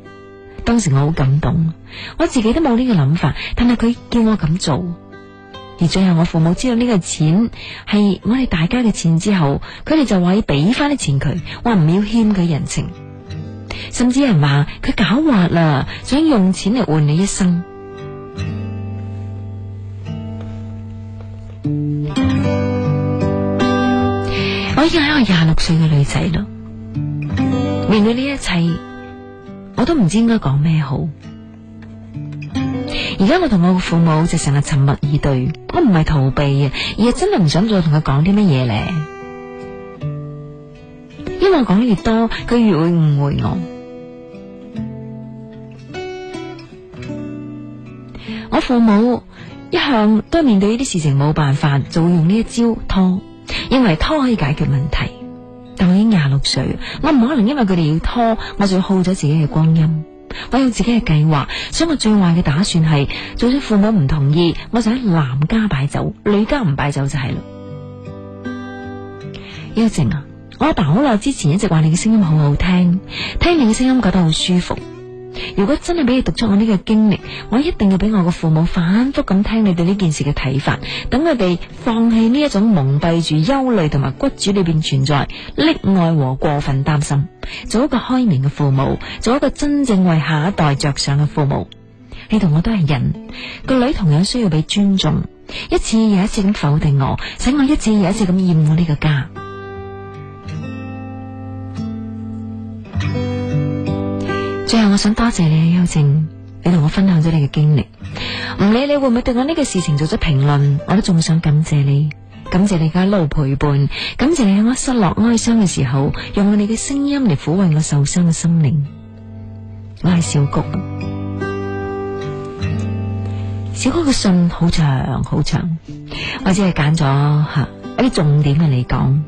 當時我好感動，我自己都冇呢個諗法，但係佢叫我咁做。而最後我父母知道呢個錢係我哋大家嘅錢之後，佢哋就話要俾翻啲錢佢，我話唔要欠佢人情，甚至有人話佢狡猾啦，想用錢嚟換你一生。 我依家係一個廿六歲嘅女仔咯，面對呢一切，我都唔知應該講咩好。而家我同我嘅父母就成日沉默以對，我唔係逃避啊，而係真係唔想再同佢講啲乜嘢咧，因為我講越多，佢越會誤會我。我父母一向都面對呢啲事情冇辦法，就會用呢一招拖，認為拖可以解決問題。但我已經廿六歲，我唔可能因為佢哋要拖，我就耗咗自己嘅光陰。我有自己嘅計劃，所以我最壞嘅打算係，即使父母唔同意，我就喺男家擺酒，女家唔擺酒就係啦。優靜 啊，我阿爸好耐之前一直話你嘅聲音好好聽，聽你嘅聲音覺得好舒服。如果真係俾你讀出我呢個經歷，我一定要俾我個父母反覆咁聽你對呢件事嘅睇法，等佢哋放棄呢一種蒙蔽住憂慮同埋骨子裏邊存在溺愛和過分擔心，做一個開明嘅父母，做一個真正為下一代着想嘅父母。你同我都係人，個女同樣需要俾尊重，一次又一次咁否定我，使我一次又一次咁厭惡呢個家。最後我想多謝你，邱靜，你同我分享咗你嘅經歷，唔理你會唔會對我呢個事情做咗評論，我都仲想感謝你，感謝你嘅一路陪伴，感謝你喺我失落哀傷嘅時候，用你嘅聲音嚟撫慰我受傷嘅心靈。我係小菊，小菊嘅信好長好長，我只係揀咗吓。有啲重點嘅嚟講，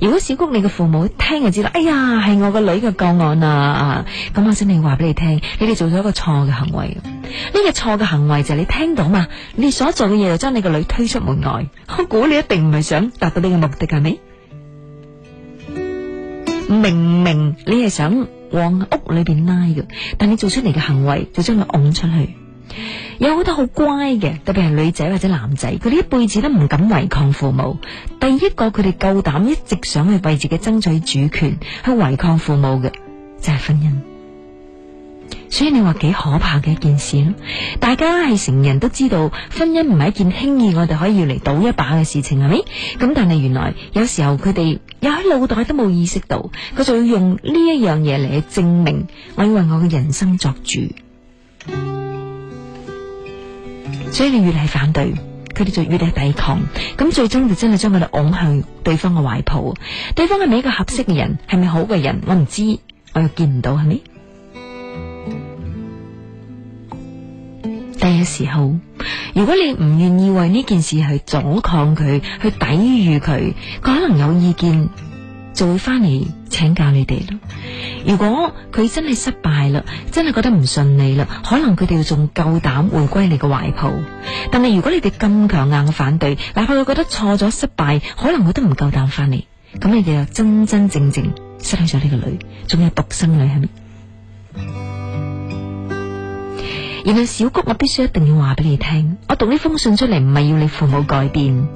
如果小菊你嘅父母聽就知道，哎呀，係我個女嘅個案啊！咁、啊、我先係話俾你聽，你哋做咗一個錯嘅行為。呢、這個錯嘅行為就係你聽到嘛，你所做嘅嘢就將你個女推出門外。我估你一定唔係想達到你嘅目的，係咪？明明你係想往屋裏邊拉嘅，但你做出嚟嘅行為就將佢拱出去。有好多好乖嘅，特別係女仔或者男仔，佢哋一輩子都唔敢違抗父母。第一個，佢哋夠膽一直想去為自己爭取主權，去違抗父母嘅就係婚姻。所以你話幾可怕嘅一件事，大家係成人都知道，婚姻唔係一件輕易我哋可以嚟賭一把嘅事情，係咪？咁但係原來有時候佢哋又喺腦袋都冇意識到，佢就要用呢一樣嘢嚟證明，我要為我嘅人生作主。所以你越嚟越反對，佢哋就越嚟越抵抗，咁最終就真係將佢哋拱向對方嘅懷抱。對方係咪一個合適嘅人，係咪好嘅人，我唔知，我又見唔到係咪？但係有時候，如果你唔願意為呢件事去阻抗佢，去抵禦佢，佢可能有意見。就會翻嚟請教你哋咯。如果佢真係失敗啦，真係覺得唔順利啦，可能佢哋仲夠膽回歸你個懷抱。但係如果你哋咁強硬嘅反對，哪怕佢覺得錯咗失敗，可能佢都唔夠膽翻嚟。咁你哋又真真正正失去咗呢個女，仲有獨生女係咪？然後小谷，我必須一定要話俾你聽，我讀呢封信出嚟唔係要你父母改變，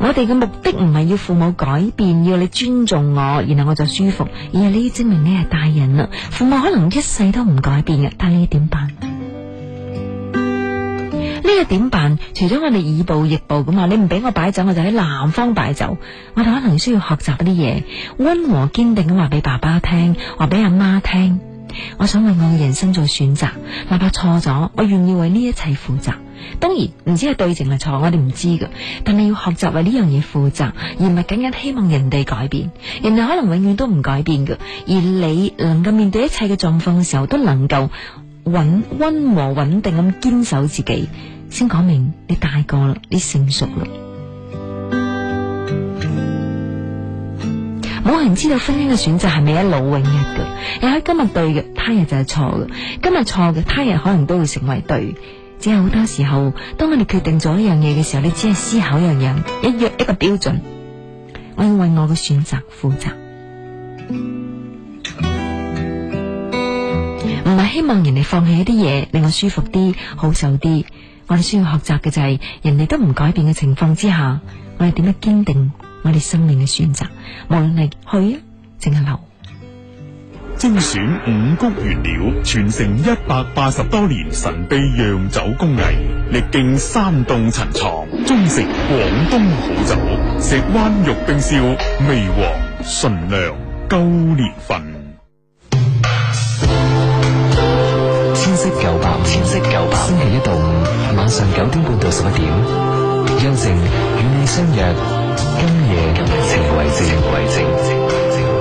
我哋嘅目的唔係要父母改變，要你尊重我，然後我就舒服。而係呢啲證明你係大人啦，父母可能一世都唔改變嘅，但係呢點辦？呢個點辦？除咗我哋以暴易暴咁話，你唔俾我擺酒，我就喺南方擺酒，我哋可能需要學習啲嘢，溫和堅定咁話俾爸爸聽，話俾阿媽聽。我想為我嘅人生做選擇，哪怕錯咗，我願意為呢一切負責。當然唔知係對定係錯，我哋唔知噶。但係要學習為呢樣嘢負責，而唔係僅僅希望人哋改變。人哋可能永遠都唔改變噶，而你能夠面對一切嘅狀況嘅時候，都能夠穩溫和穩定咁堅守自己，先講明你大個啦，你成熟啦。冇人知道婚姻嘅選擇係咪一勞永逸嘅，又喺今日對嘅，他日就係錯嘅；今日錯嘅，他日可能都會成為對。只係好多時候，當我哋決定咗一樣嘢嘅時候，你只係思考一樣嘢，一約一個標準。我要為我嘅選擇負責，唔、嗯、係希望人哋放棄一啲嘢令我舒服啲、好受啲。我哋需要學習嘅就係、是，人哋都唔改變嘅情況之下，我哋點樣堅定？我哋生命嘅選擇，無論你去啊，淨係留。精選五谷原料，傳承一百八十多年神秘釀酒工藝，歷經山洞陳藏，忠食廣東好酒。石灣玉冰燒，味皇純糧高年份。千色九白，千色九白。星期一到五晚上九點半到十一點，幽靜與你相約。今夜情為證，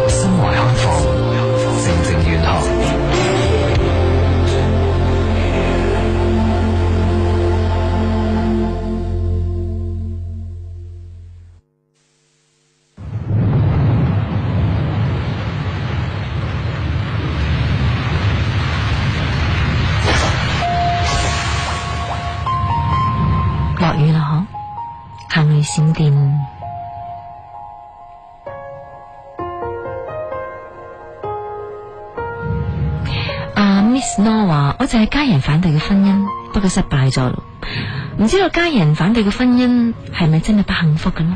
心懷開放，靜靜遠航。落雨啦，嗬，行雷閃電。Snow 話：我就係家人反對嘅婚姻，不過失敗咗。唔知道家人反對嘅婚姻係咪真係不幸福嘅呢？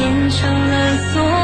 變成了鎖。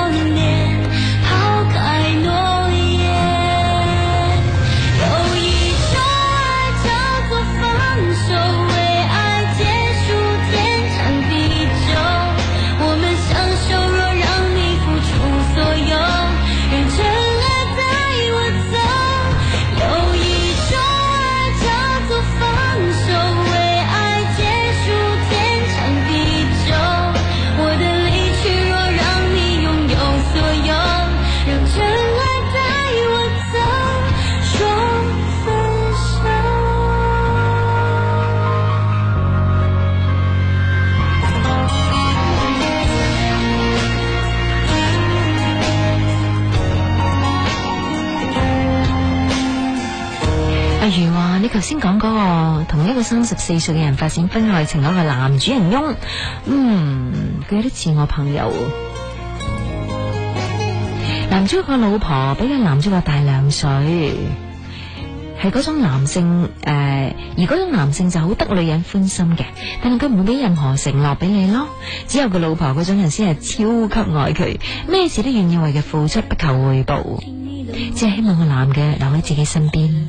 頭先講嗰個同一個三十四歲嘅人發展婚外情嗰個男主人翁，嗯，佢有啲似我朋友。男主人個老婆比佢男主人大兩歲，係嗰種男性誒、呃，而嗰種男性就好得女人歡心嘅，但係佢唔會俾任何承諾俾你咯，只有個老婆嗰種人先係超級愛佢，咩事都願意為佢付出，不求回報，只係希望個男嘅留喺自己身邊。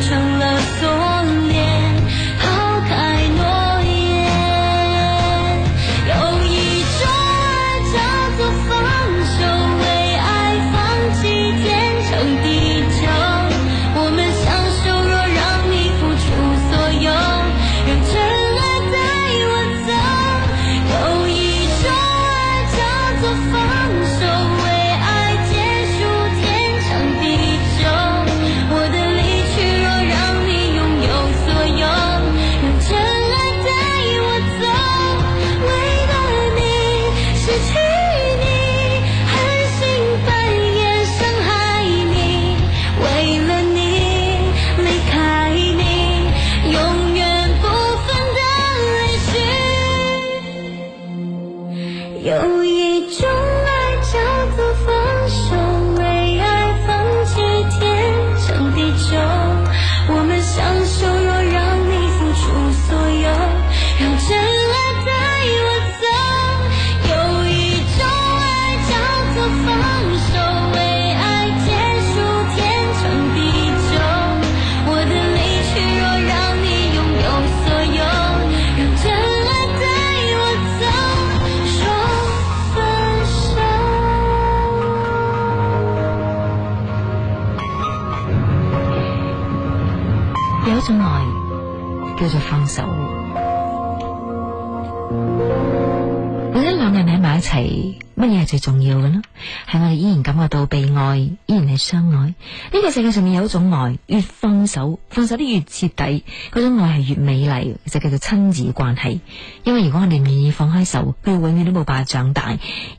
最重要嘅咯，係我哋依然感覺到被愛，依然係相愛。呢個世界上面有一種愛，越放手，放手得越徹底，嗰種愛係越美麗，就叫做親子關係。因為如果我哋唔願意放開手，佢永遠都冇辦法長大。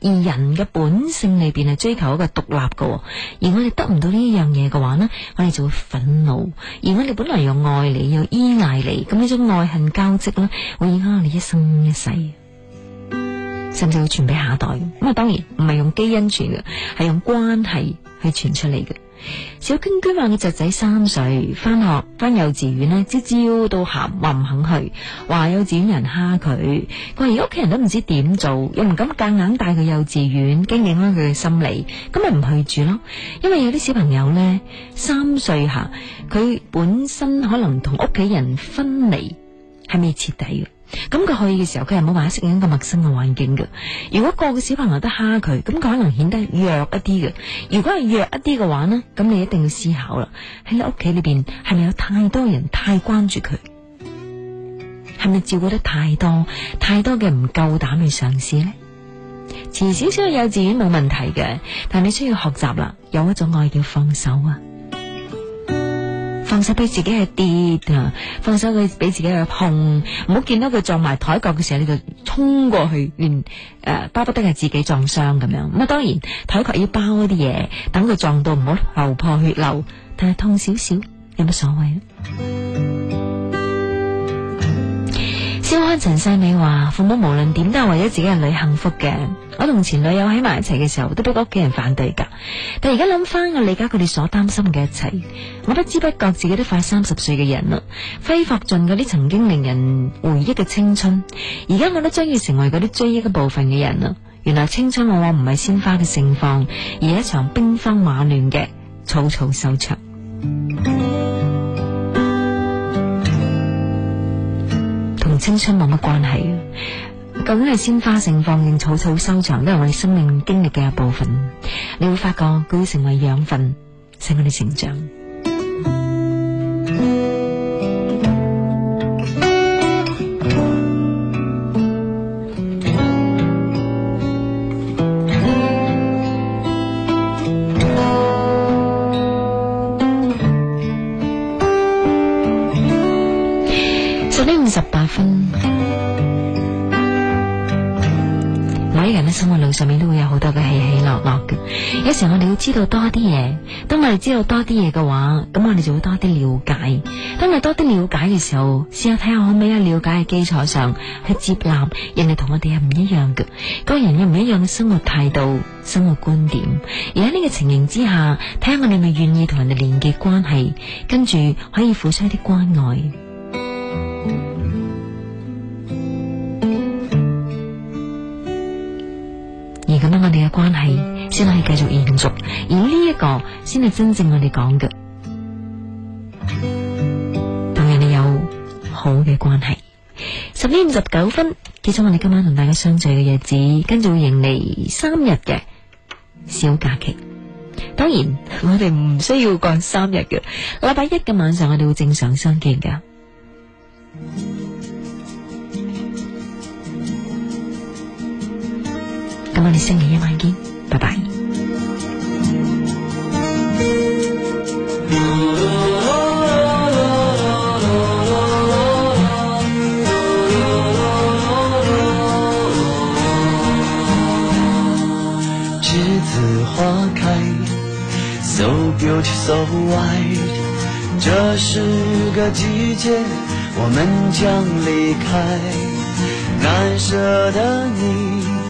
而人嘅本性裏邊係追求一個獨立嘅，而我哋得唔到呢樣嘢嘅話呢，我哋就會憤怒。而我哋本來又愛你，又依賴你，咁呢種愛恨交織咧，會影響你一生一世。甚至係會傳俾下一代？咁啊，當然唔係用基因傳嘅，係用關係去傳出嚟嘅。小娟娟話：個侄仔三歲，翻學翻幼稚園呢，朝朝都喊話唔肯去，話幼稚園人蝦佢。佢話而家屋企人都唔知點做，又唔敢夾硬帶佢幼稚園，驚驚開佢嘅心理，咁咪唔去住咯。因為有啲小朋友呢，三歲下，佢本身可能同屋企人分離係未徹底嘅。咁佢去嘅時候，佢係冇辦法適應一個陌生嘅環境嘅。如果個個小朋友都蝦佢，咁佢可能顯得弱一啲嘅。如果係弱一啲嘅話呢，咁你一定要思考啦。喺你屋企裏邊，係咪有太多人太關注佢？係咪照顧得太多？太多嘅唔夠膽去嘗試呢？遲少少去幼稚園冇問題嘅，但你需要學習啦，有一種愛叫放手啊！放手俾自己去跌啊！放手佢俾自己去碰，唔好見到佢撞埋台角嘅時候，你就衝過去，連誒巴、呃、不得係自己撞傷咁樣。咁啊，當然台腳要包一啲嘢，等佢撞到唔好頭破血流，但係痛少少有乜所謂啊！蕭漢陳世美話：父母無論點都係為咗自己嘅女幸福嘅。我同前女友喺埋一齊嘅時候，都俾屋企人反對噶。但而家諗翻我理解佢哋所擔心嘅一切，我不知不覺自己都快三十歲嘅人啦，揮霍盡嗰啲曾經令人回憶嘅青春。而家我都將要成為嗰啲追憶嘅部分嘅人啦。原來青春往往唔係鮮花嘅盛放，而係一場兵荒馬亂嘅草草收場。青春冇乜關係，究竟係鮮花盛放定草草收場，都係我哋生命經歷嘅一部分。你會發覺佢會成為養分，使我哋成長。知道多啲嘢，當我哋知道多啲嘢嘅話，咁我哋就會多啲了解。當你多啲了解嘅時候，試下睇下可唔可以喺了解嘅基礎上去接納人哋同我哋係唔一樣嘅，個人有唔一樣嘅生活態度、生活觀點。而喺呢個情形之下，睇下我哋咪願意同人哋連結關係，跟住可以付出一啲關愛。而咁樣我哋嘅關係。先係繼續延續，而呢一個先係真正我哋講嘅，同人哋有好嘅關係。十點五十九分，結束我哋今晚同大家相聚嘅日子，跟住會迎嚟三日嘅小假期。當然，我哋唔需要過三日嘅，禮拜一嘅晚上我哋會正常相見㗎。咁我哋星期一晚見。拜拜。啦啦啦啦啦啦啦啦啦啦啦啦啦啦啦啦啦啦。梔子花開，so beautiful，so white。這是個季節，我們將離開，難捨的你。